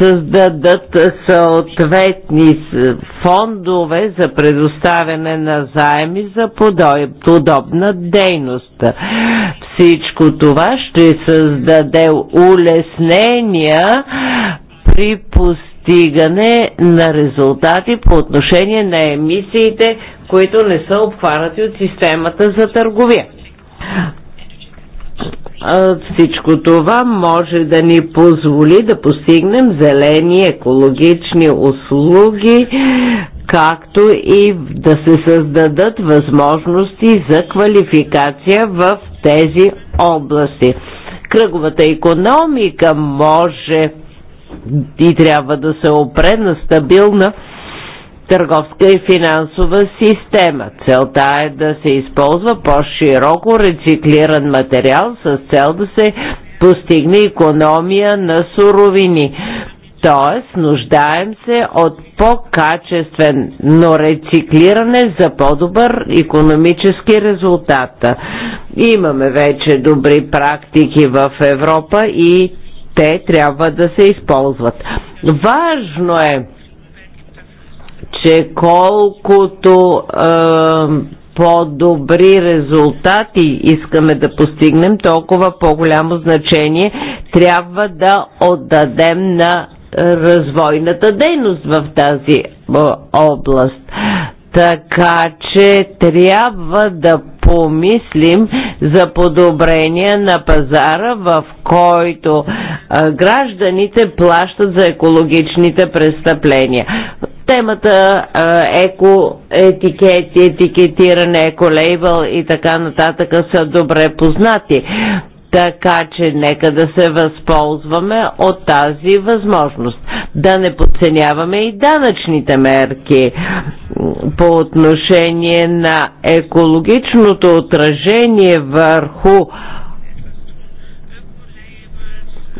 създадат съответни фондове за предоставяне на заеми за подобна дейност. Всичко това ще създаде улеснения при постигане на резултати по отношение на емисиите, които не са обхванати от системата за търговия. Всичко това може да ни позволи да постигнем зелени екологични услуги, както и да се създадат възможности за квалификация в тези области. Кръговата економика може и трябва да се опре на стабилна търговска и финансова система. Целта е да се използва по-широко рециклиран материал с цел да се постигне економия на суровини. Тоест, нуждаем се от по-качествено рециклиране за по-добър економически резултат. Имаме вече добри практики в Европа и те трябва да се използват. Важно е че колкото е, по-добри резултати искаме да постигнем, толкова по-голямо значение трябва да отдадем на развойната дейност в тази област. Така че трябва да помислим за подобрение на пазара, в който гражданите плащат за екологичните престъпления темата еко етикети, етикетиране, еколейбъл и така нататък са добре познати. Така че нека да се възползваме от тази възможност. Да не подценяваме и данъчните мерки по отношение на екологичното отражение върху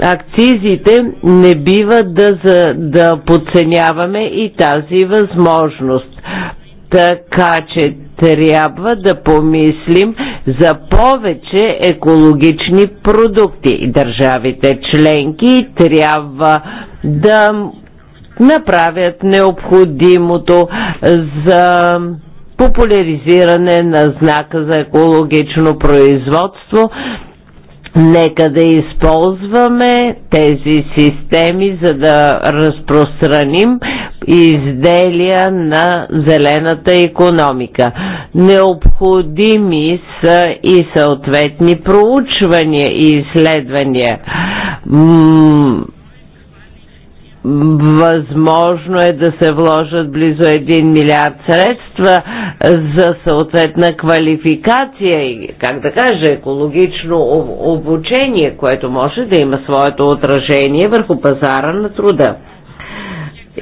акцизите не бива да, за, да подценяваме и тази възможност. Така че трябва да помислим за повече екологични продукти. Държавите членки трябва да направят необходимото за популяризиране на знака за екологично производство Нека да използваме тези системи, за да разпространим изделия на зелената економика. Необходими са и съответни проучвания и изследвания Възможно е да се вложат близо 1 милиард средства за съответна квалификация и, как да кажа, екологично обучение, което може да има своето отражение върху пазара на труда.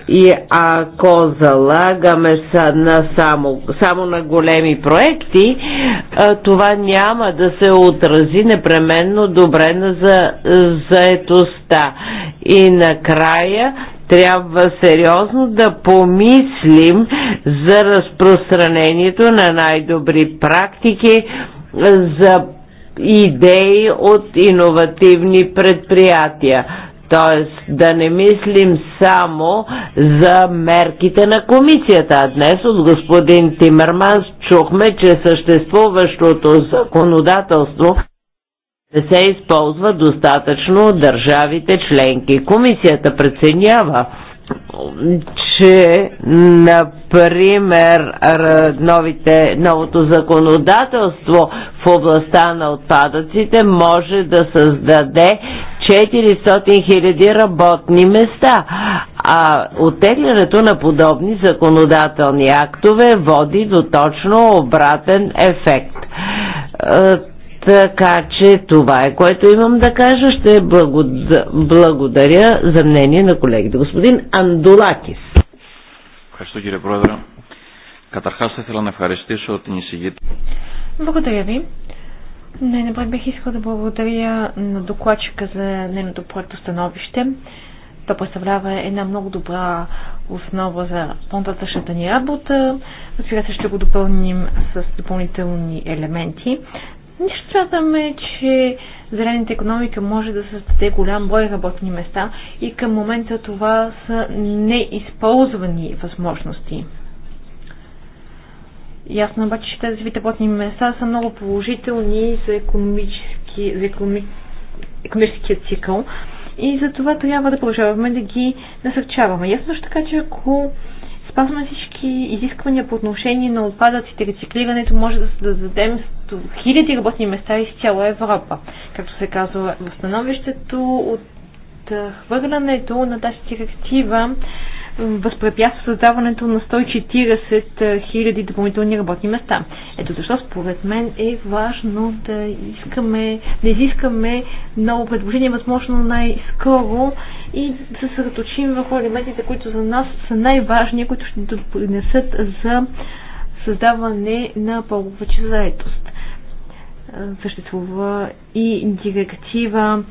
И ако залагаме са на само, само на големи проекти, това няма да се отрази непременно добре на за, заетостта. И накрая трябва сериозно да помислим за разпространението на най-добри практики за идеи от иновативни предприятия т.е. да не мислим само за мерките на комисията. А днес от господин Тимерманс чухме, че съществуващото законодателство не се използва достатъчно от държавите членки. Комисията преценява, че, например, новите, новото законодателство в областта на отпадъците може да създаде 400 хиляди работни места. А оттеглянето на подобни законодателни актове води до точно обратен ефект. Така че това е което имам да кажа. Ще благодаря за мнение на колегите. Господин Андулакис. ήθελα να ευχαριστήσω την Благодаря ви. Не, не бих искал да благодаря на докладчика за нейното проекто становище. То представлява една много добра основа за по-нататъчната ни работа. сега се, ще го допълним с допълнителни елементи. Ние смятаме, че зелената економика може да създаде голям брой работни места и към момента това са неизползвани възможности. Ясно е обаче, че тези вид работни места са много положителни за, економически, за економи, економическия цикъл и за това трябва да продължаваме да ги насърчаваме. Ясно ще така, че ако спазваме всички изисквания по отношение на отпадъците, рециклирането, може да създадем хиляди работни места из цяла Европа. Както се казва в становището, от хвърлянето на тази директива възпрепятства създаването на 140 000 е, допълнителни работни места. Ето защо според мен е важно да искаме, да изискаме ново предложение, възможно най-скоро и да се съсредоточим върху елементите, които за нас са най-важни, които ще допринесат за създаване на повече заетост. Е, съществува и директива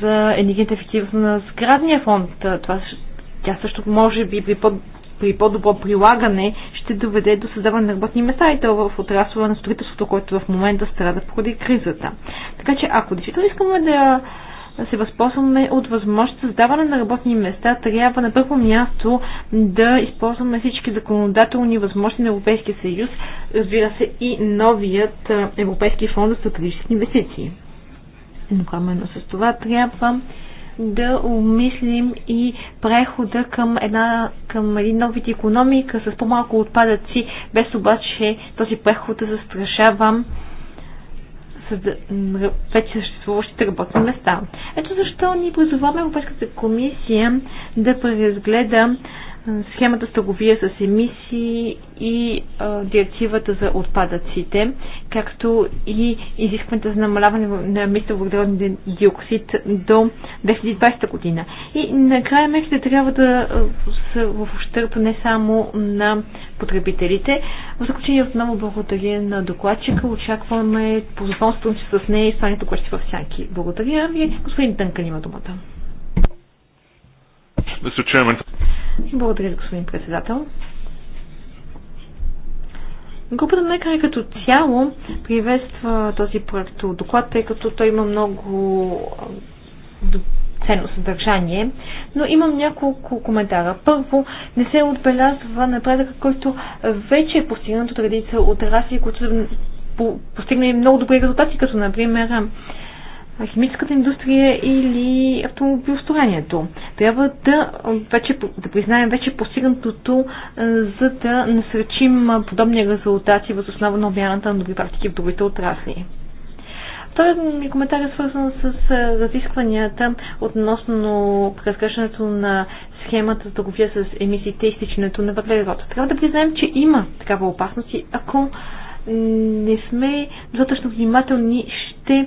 за енергийната ефективност на сградния фонд. Е, това тя също може би при, по, при по-добро прилагане ще доведе до създаване на работни места и то в отрасла на строителството, което в момента страда поради кризата. Така че ако действително искаме да се възползваме от възможност създаване на работни места, трябва на първо място да използваме всички законодателни възможности на Европейския съюз, разбира се и новият Европейски фонд за стратегически инвестиции. Едновременно с това трябва да умислим и прехода към една, към един нов вид економика с по-малко отпадъци, без обаче този преход да застрашава вече съществуващите работни места. Ето защо ни призоваваме Европейската комисия да преразгледа схемата с търговия с емисии и а, директивата за отпадъците, както и изискването за намаляване на емисията въглероден диоксид до 2020 година. И накрая мерките трябва да са в ущърп не само на потребителите. В заключение отново благодаря на докладчика. Очакваме позовано че с нея и станието, което в всяки. Благодаря ви. Господин Дънкан има думата. Mr. Chairman. Благодаря, господин председател. Групата на екрана е като цяло приветства този проект доклад, тъй като той има много ценно съдържание, но имам няколко коментара. Първо, не се отбелязва напредъка, който вече е постигнат от редица отрасли, които по постигнали много добри резултати, като например химическата индустрия или автомобилостроението. Трябва да, вече, да признаем вече постигнатото, е, за да насречим подобни резултати въз основа на обмяната на добри практики в другите отрасли. Вторият ми коментар е свързан с е, разискванията относно разгръщането на схемата за търговия с емисиите и изтичането на въглерод. Трябва да признаем, че има такава опасност и ако не сме достатъчно внимателни, ще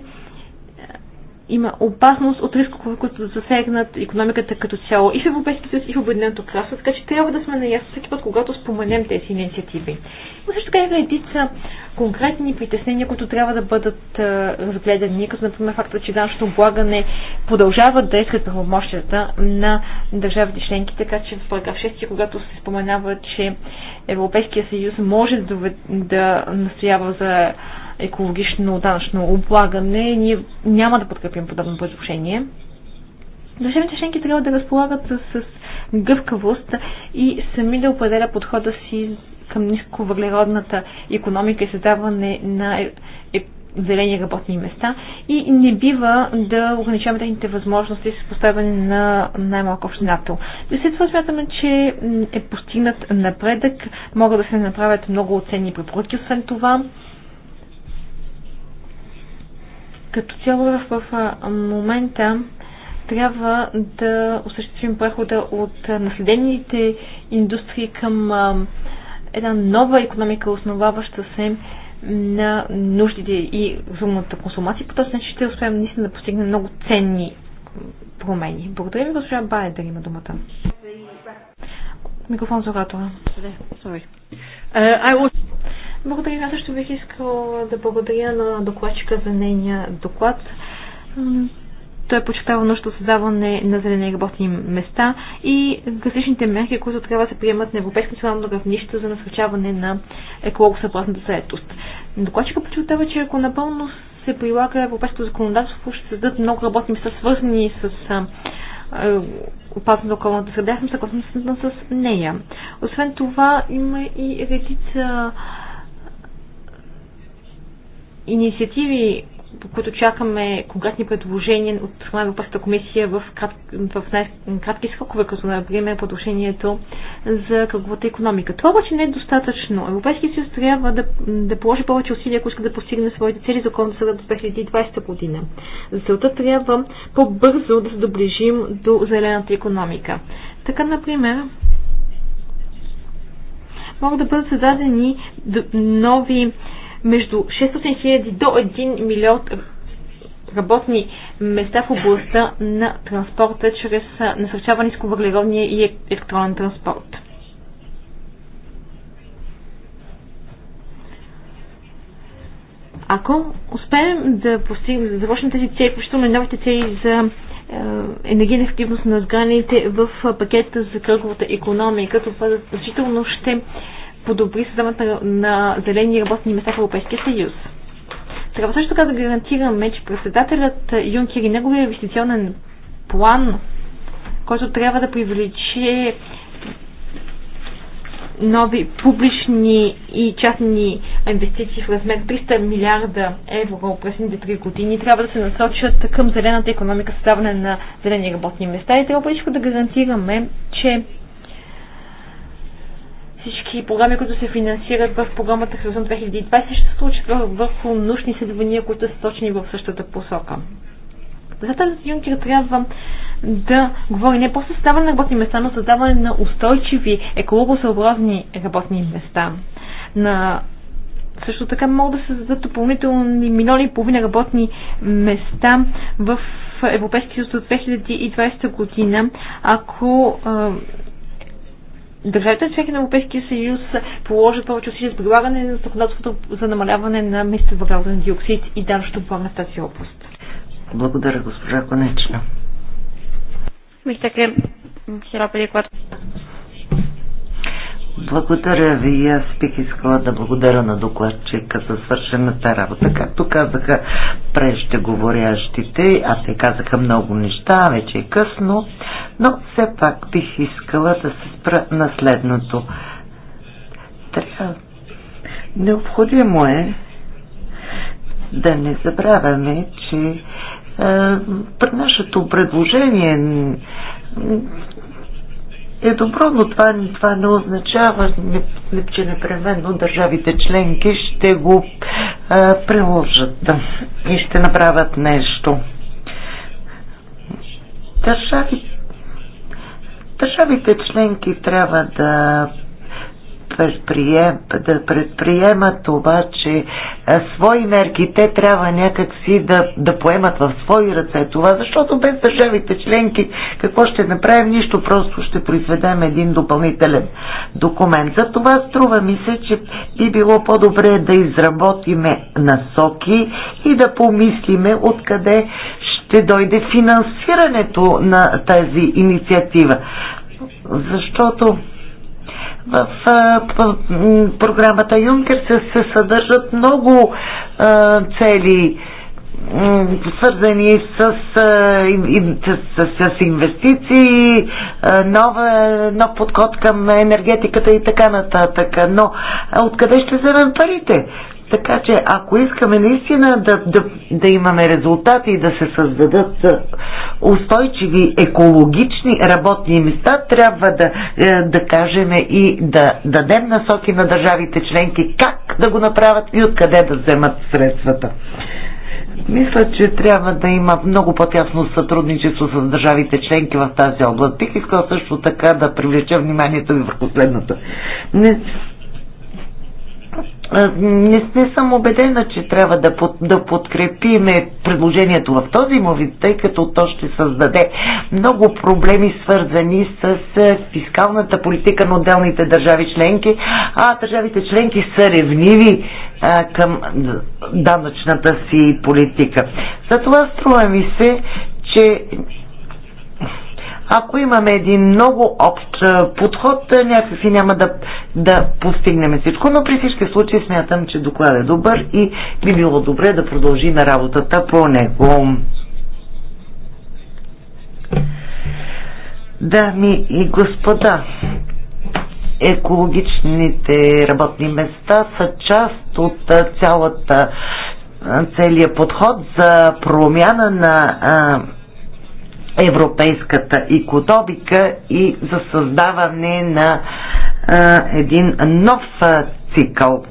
има опасност от рискове, които да засегнат економиката като цяло и в Европейския съюз, и в Обединеното кралство, така че трябва да сме наясно всеки път, когато споменем тези инициативи. Но също така и редица конкретни притеснения, които трябва да бъдат а, разгледани, като например факта, че данъчното облагане продължава да е правомощията на държавите членки, така че в параграф 6, когато се споменава, че Европейския съюз може да, да настоява за екологично данъчно облагане, ние няма да подкрепим подобно предложение. Държавите членки трябва да разполагат с, с гъвкавост и сами да определя подхода си към нисковъглеродната економика и създаване на е, е, зелени работни места и не бива да ограничаваме техните възможности с поставяне на най-малко общината. Да след това смятаме, че е постигнат напредък, могат да се направят много оценни препоръки, освен това Като цяло в момента трябва да осъществим прехода от наследените индустрии към една нова економика, основаваща се на нуждите и разумната консумация. По този начин ще успеем наистина да постигнем много ценни промени. Благодаря ви, госпожа Бая, да има думата. Микрофон за оратора. Благодаря. Аз също бих искала да благодаря на докладчика за нейния доклад. Той е почитава нощо създаване на зелени работни места и различните мерки, които трябва да се приемат на европейско национално равнище за насърчаване на еколог-съпласната заетост. Докладчика почитава, че ако напълно се прилага европейското законодателство, ще създадат много работни места, свързани с опазване на околната среда. Съм съгласна с нея. Освен това, има и редица инициативи, по които чакаме конкретни предложения от страна на Европейската комисия в, крат, в най-кратки срокове, като например предложението за кръговата економика. Това обаче не е достатъчно. Европейския съюз трябва да, да положи повече усилия, ако иска да постигне своите цели за околната среда до 2020 година. За целта трябва по-бързо да се доближим до зелената економика. Така, например, могат да бъдат създадени нови между 600 000 до 1 милион работни места в областта на транспорта чрез насърчаване с въглеродния и е-, електронен транспорт. Ако успеем да постигнем, да завършим тези цели, включително новите цели за енергийна ефективност на сградите в пакета за кръговата економика, това значително ще подобри създаването на, на зелени работни места в Европейския съюз. Трябва също така да гарантираме, че председателят Юнкер и неговия инвестиционен план, който трябва да привлече нови публични и частни инвестиции в размер 300 милиарда евро в последните 3 години трябва да се насочат към зелената економика, създаване на зелени работни места и трябва да гарантираме, че всички програми, които се финансират в програмата Хризон 2020, ще се случат върху научни изследвания, които са точни в същата посока. Председателят Юнкер трябва да говори не просто създаване на работни места, но създаване на устойчиви, екологосъобразни работни места. На също така могат да се създадат допълнителни милиони и половина работни места в Европейския съюз от 2020 година, ако а, държавите членки на Европейския съюз положат повече усилия с прилагане на законодателството за намаляване на местите въглероден диоксид и данъчното облагане в тази област. Благодаря, госпожа Конечна. Мисля, че благодаря ви. Аз бих искала да благодаря на докладчика за свършената работа. Както казаха прещеговорящите, а те казаха много неща, вече е късно, но все пак бих искала да се спра на следното. Трябва. Необходимо е да не забравяме, че е, нашето предложение е добро, но това, това не означава, че непременно държавите членки ще го а, приложат и ще направят нещо. Държавите, държавите членки трябва да предприем, да предприемат че свои мерки. Те трябва някакси да, да поемат в свои ръце това, защото без държавите членки какво ще направим? Нищо, просто ще произведем един допълнителен документ. За това струва ми се, че би било по-добре да изработиме насоки и да помислиме откъде ще дойде финансирането на тази инициатива. Защото в, в програмата Юнкер се, се съдържат много а, цели свързани с, с, с, с инвестиции, нова, нов подход към енергетиката и така нататък. Но откъде ще вземем парите? Така че ако искаме наистина да, да, да имаме резултати и да се създадат е, устойчиви екологични работни места, трябва да, е, да кажем и да дадем насоки на държавите членки как да го направят и откъде да вземат средствата. Мисля, че трябва да има много по-тясно сътрудничество с държавите членки в тази област. Бих искал също така да привлеча вниманието ви върху следното не, не съм убедена, че трябва да, под, да подкрепиме предложението в този му вид, тъй като то ще създаде много проблеми, свързани с фискалната политика на отделните държави членки, а държавите членки са ревниви а, към данъчната си политика. Затова струва ми се, че ако имаме един много общ подход, някакси няма да, да постигнем всичко, но при всички случаи смятам, че доклад е добър и би било добре да продължи на работата по него. Дами и господа, екологичните работни места са част от цялата целият подход за промяна на а, европейската економика и за създаване на а, един нов цикъл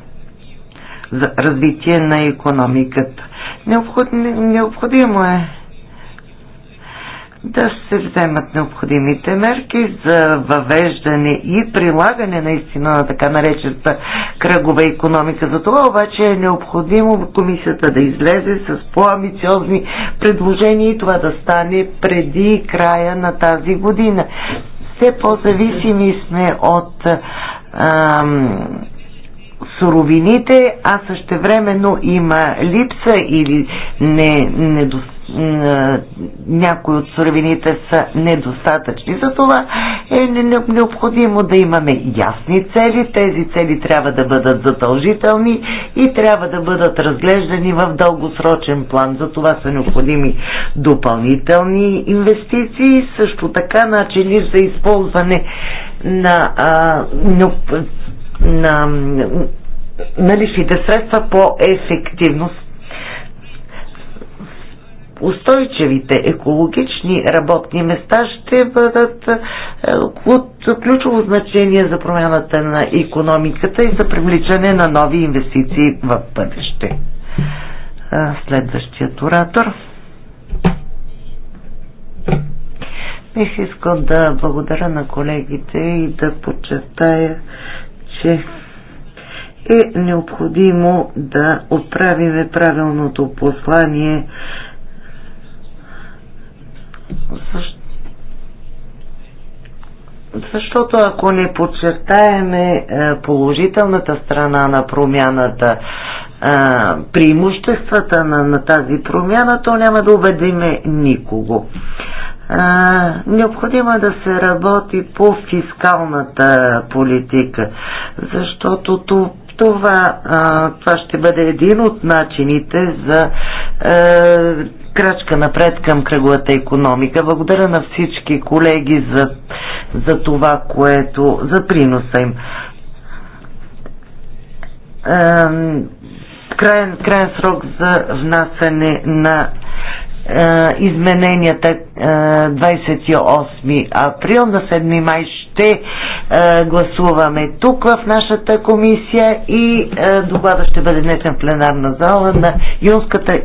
за развитие на економиката. необходимо е да се вземат необходимите мерки за въвеждане и прилагане наистина на така наречената кръгова економика. За това обаче е необходимо комисията да излезе с по-амбициозни предложения и това да стане преди края на тази година. Все по-зависими сме от ам, суровините, а също времено има липса или не, недостатък някои от суровините са недостатъчни. За това е необходимо да имаме ясни цели. Тези цели трябва да бъдат задължителни и трябва да бъдат разглеждани в дългосрочен план. За това са необходими допълнителни инвестиции, също така начини за използване на, а, на наличните средства по ефективност устойчивите екологични работни места ще бъдат е, от ключово значение за промяната на економиката и за привличане на нови инвестиции в бъдеще. Е, следващият оратор. Бих искал да благодаря на колегите и да подчертая, че е необходимо да отправиме правилното послание защо? Защото ако не подчертаеме е, положителната страна на промяната, е, преимуществата на, на тази промяна, то няма да убедиме никого. А, е, необходимо е да се работи по фискалната политика, защото това, а, това ще бъде един от начините за крачка напред към кръглата економика. Благодаря на всички колеги за, за това, което, за приноса им. Ем, краен, краен срок за внасяне на е, измененията е, 28 април на 7 май ще е, гласуваме тук в нашата комисия и е, доклада ще бъде днес в пленарна зала на юнската